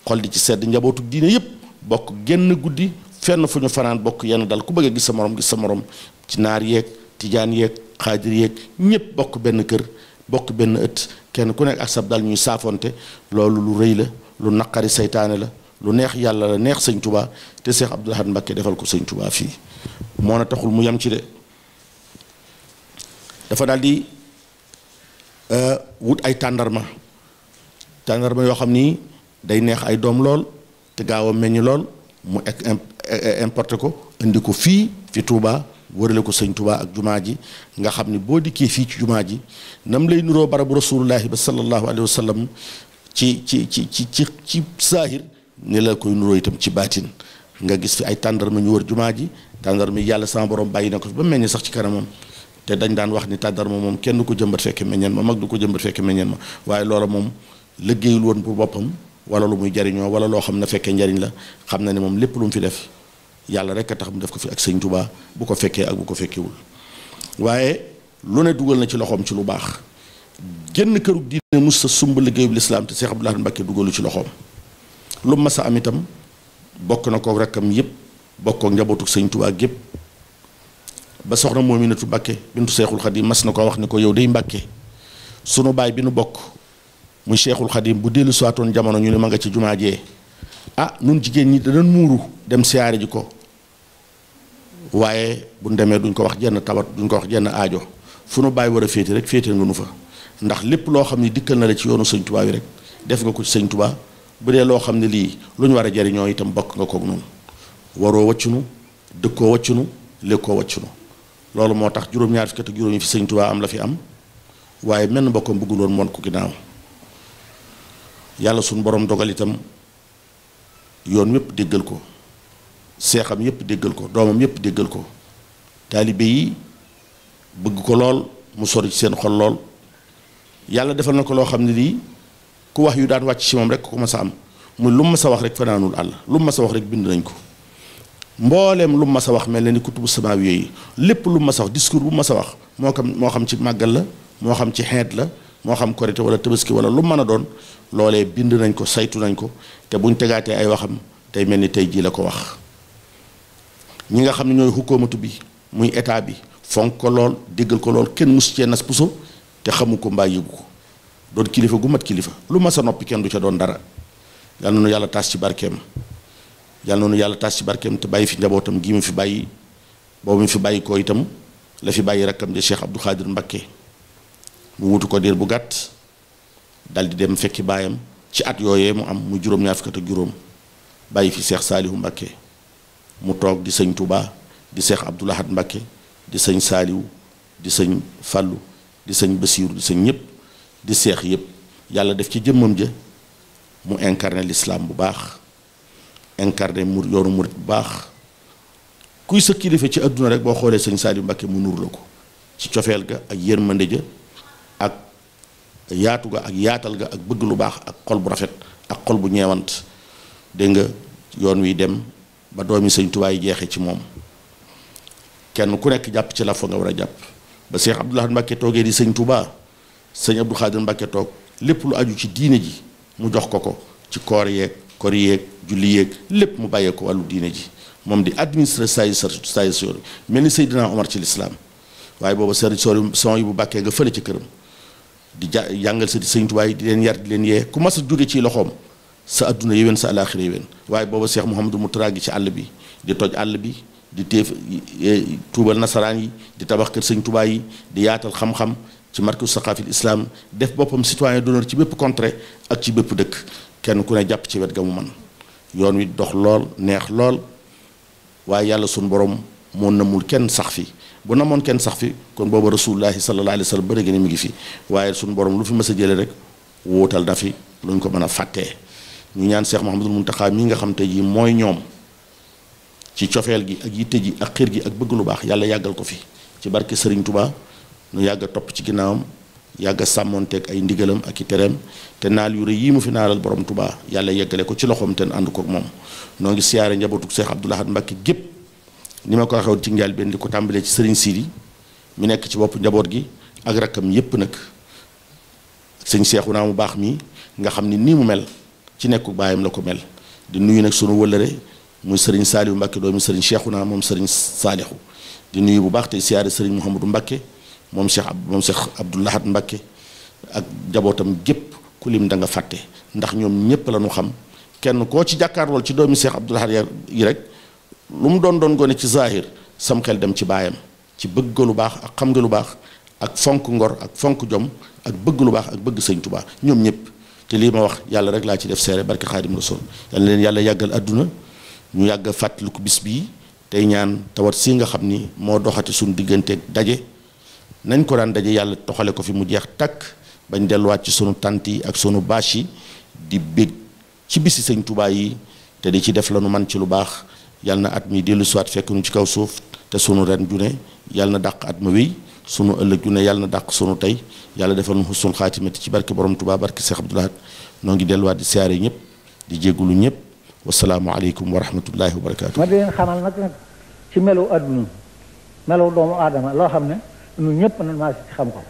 xol di ci sedd njabootu diine yépp bokk genn guddi fenn fu ñu fanaan bokk yenn dal ku bëggee gis sa moroom gis sa moroom ci naar yeeg tijaan yéeg xaadir yéeg ñépp bokk benn kër bokk benn ëtt kenn ku nekk ak sab dal ñuy saafonte loolu lu rëy la lu naqari seytaane la lu neex yàlla la neex sëñ tubaa te seex abdul ahad mbakke defal ko sëñ tubaa fii moo na taxul mu yem ci de dafa daal di euh, wut ay tàndarma tàndarma yoo xam ni day neex ay doom lool te gaaw a meññ lool mu ek e, e, importé ko indi ko fii fi Touba wërale ko sëñ Touba ak jumaa ji nga xam ni boo dikkee fii ci jumaa ji nam lay nuroo bara barabu rasulullahi ba sallallahu alayhi wa sallam ci ci ci ci ci ci saahir ni la koy nuroo itam ci baatin nga gis fi ay tàndarma ñu wër jumaa ji tàndarma yàlla sama borom bàyyi na ko fi ba meññ sax ci kanamam te dañ daan wax ni tàndarma moom kenn du ko jëmbat fekke meññeen ma mag du ko jëmbat fekke meññeen ma waaye loola moom liggéeyul woon bu boppam wala lu muy jariñoo wala loo xam ne fekkee njariñ la xam na ne moom lépp lu mu fi def yàlla rek a tax mu def ko fi ak sëñ Tuubaa bu ko fekkee ak bu ko fekkewul waaye lu ne dugal na ci loxoom ci lu baax génn këru diine mus sa sumb liggéeyub lislaam te Seex Abdul Ahad Mbàkke dugalu ci loxoom lu mu am itam bokk na ko rakkam yépp bokk ak njabootu sëñ Tuubaa gépp ba soxna Moominatu Mbàkke bintu Seexul Xadiim mas na ko wax ni ko yow day Mbàkke sunu baay bi nu bokk muy cheikhul xadim bu dellu suwaatoon jamono ñu ne ma nga ci jumaa jee ah nun jigéen ñi danañ muuru dem siyaare ji ko waaye bu demee duñ ko wax jenn tawat duñ ko wax jenn aajo fu nu bàyyi war a féete rek féete nga nu fa ndax lépp loo xam ne dikkal na la ci yoonu sëñ tubaa wi rek def nga ko ci sëñ tubaa bu dee loo xam ne lii lu war a jariñoo itam bokk nga koog noonu waroo waccunu dëkkoo waccunu lékkoo waccunu loolu moo tax juróom-ñaar fukki at fi sëñ tubaa am la fi am waaye menn mbokkam bëggul woon moon ko ginnaaw yàlla suñ borom dogal itam yoon yépp déggal ko seexam yépp déggal ko doomam yépp déggal ko taalibe yi bëgg ko lool mu sori ci seen xol lool yàlla defal na ko loo xam ne lii ku wax yu daan wàcc ci moom rekk ko mas a am muy lu mu mas a wax rek fanaanul àll lu mu mas a wax rek bind nañ ko mbooleem lu ma mas a wax mel na ni kutubu samaawi yooyu lépp lu mu mas wax discours bu mu mas a wax moo xam moo xam ci màggal la moo xam ci xeet la moo xam korité wala tabaski wala lu mën a doon loolee bind nañ ko saytu nañ ko te buñ tegaatee ay waxam tey mel ni tey jii la ko wax ñi nga xam ne ñooy hukumatu bi muy état bi fonk ko lool déggal ko lool kenn musu cee nas puso te xamu ko mbaa ko doon kilifa gu mat kilifa lu masa sa noppi kenn du ca doon dara yal na nu yàlla taas ci barkeem yal na yàlla taas ci barkeem te bàyyi fi njabootam gi mu fi bàyyi boobu mu fi bàyyi ko itam la fi bàyyi rakkam de Cheikh Abdou Khadir Mbacké mu wutu ko diir bu gàtt. dal di dem fekki baayam ci at yooyee mu am mu juróom-ñaar fukk ak juróom bàyyi fi seex saalihu Mbacke mu toog di sëñ Touba di seex Abdoul Ahad di sëñ saalihu di sëñ Fallou di sëñ Basiiru di sëñ ñëpp di seex yëpp yàlla def ci jëmmam ja mu incarné lislaam bu baax incarné mur yoonu murit bu baax kuy sa kilifa ci àdduna rek boo xoolee sëñ Saaliu Mbàkke mu nur la ko ci cofeel ga ak yërmande ja ak yaatu ga ak yaatal ga ak bëgg lu baax ak xol bu rafet ak xol bu ñeewant dégg nga yoon wi dem ba doomi sëñ Tuubaa yi jeexee ci moom kenn ku nekk jàpp ci la nga war a jàpp ba Seex Abdul Ahad Mbàkke toogee di sëñ Tuubaa sëñ Abdul Xaadir Mbàkke toog lépp lu aju ci diine ji mu jox ko ko ci koor yeeg kor yeeg julli yeeg lépp mu bàyyee ko wàllu diine ji moom di administre sayi sayi sori mel ni Seydina Omar ci lislaam waaye booba sëriñ sori son bu bàkkee nga fële ci këram di ja jàngal sa sëñ Tuubaa di leen yar di leen yee ku mas a jóge ci loxoom sa adduna yéwén sa alaaxira yéwén waaye booba Cheikh Mouhamadou Moutara ngi ci àll bi di toj àll bi di téef eh, tuubal nasaraan yi di tabax kër sëñ Tuubaa yi di yaatal xam-xam ci marku saqaafil islam def boppam citoyen d'honneur ci bépp contrée ak ci bépp dëkk kenn ku ne jàpp ci wet ga mu man yoon wi dox lool neex lool waaye yàlla suñu borom moo namul kenn sax fi bu namoon kenn sax fi kon booba rasulullahi sallallahu alayhi wa sallam ba léegi ni mu ngi fi waaye suñu borom lu fi mës a jëlee rek wóotal dafi lu ñu ko mën a fàttee ñu ñaan seex mu Cheikh Mouhamadul Mountakha mii nga xam te ji mooy ñoom ci cofeel gi ak yitte ji ak xiir gi ak bëgg lu baax yàlla yàggal ko fi ci barke sëriñ tubaa ñu yàgg a topp ci ginnaawam yàgg a sàmmoonteeg ay ndigalam ak i tereem te naal yu rëy yii mu fi naalal borom Touba yàlla yeggale ko ci loxoom te ànd ko moom noo ngi siyaare njabootu Cheikh Abdoul Ahad Mbacké gépp ni ma ko waxewoon ci njëlbéen li ko tàmbalee ci sëriñ Sidi mu nekk ci bopp njaboot gi ak rakkam yépp nag sëñ seexu naa mu baax mi nga xam ni nii mu mel ci nekku baayam la ko mel di nuyu nag sunu wëllëre muy sëriñ Saalihu Mbàkke doomi sëriñ seexu naa moom sëriñ Saalihu di nuyu bu baax tey siyaare sëriñ Mouhamadou Mbàkke moom Cheikh moom Cheikh Abdou Lahad Mbàkke ak njabootam gépp ku lim da nga fàtte ndax ñoom ñépp la ñu xam kenn koo ci jàkkaarlool ci doomi Cheikh Abdou Lahad yi rek lu mu doon doon gone ci zahir sam xel dem ci baayam ci bëgg lu baax ak xam nga lu baax ak fonk ngor ak fonk jom ak bëgg lu baax ak bëgg sëñ Tuubaa ñoom ñëpp te lii ma wax yàlla rek laa ci def seere barke Xaadim Rasuul yal na leen yàlla yàggal àdduna ñu yàgg a ko bis bii tey ñaan tawat si nga xam ni moo doxate suñu digganteeg daje nañ ko daan daje yàlla toxale ko fi mu jeex takk bañ delluwaat ci sunu tànt yi ak sunu bâche yi di bég ci bisi sëñ Tuubaa yi te di ci def la man ci lu baax yal na at mi dellu siwaat fekk nu ci kaw suuf te sunu ren ju ne yal na dàq at ma wéy sunu ëllëg ju ne yal na dàq sunu tey yàlla defal nu xusnul xaatimati ci barke borom tubaab barke Seex du Ahad noo ngi delluwaat di siyaare ñëpp di jéggulu ñëpp wasalaamualeykum wa rahmatullahi wa barakaatu. ma di leen xamal nag nag ci melu adduna melu doomu aadama loo xam ne ñun ñëpp nañ maa ci xam ko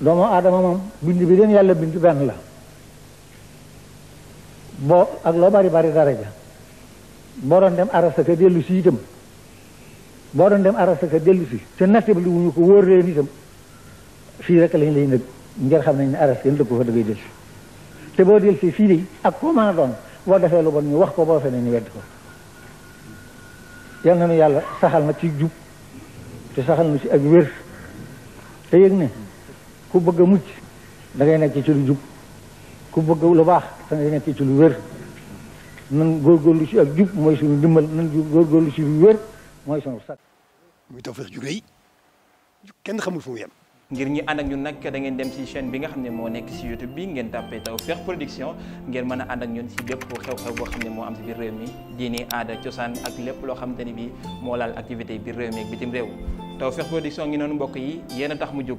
doomu aadama moom bind bi leen yàlla bind benn la boo ak loo bari boo doon dem arasaka dellu si itam boo doon dem arasaka dellu si te nattabli wuñu ko wóor leen itam fii rek lañ lay nëg ngir xam nañ ne arasaka ndëkk ko fa dangay dellu si te boo dellu si fii de ak koo mën a doon boo defee lu bon ñu wax ko boo fenee ñu wedd ko yal na nu yàlla saxal na ci jub te saxal na ci ak wér te yëg ne ku bëgg a mucc da ngay nekk ci lu jub ku bëgg lu baax da ngay nekk ci lu wér nan góorgóorlu ci ak jub mooy suñu ndimbal nan góorgóorlu ci lu wér mooy suñu sàkk. muy Tawfekh ju rëy kenn xamul fu mu yem. ngir ñu ànd ak ñun nag da ngeen dem ci chaine bi nga xam ne moo nekk ci YouTube bi ngeen tàppee Tawfekh Production ngeen mën a ànd ak ñun ci bépp xew-xew boo xam ne moo am ci biir réew mi diini aada cosaan ak lépp loo xamante ni bi moo laal activité biir réew mi ak bitim réew Tawfekh Production ngi noonu mbokk yi yéen a tax mu jóg.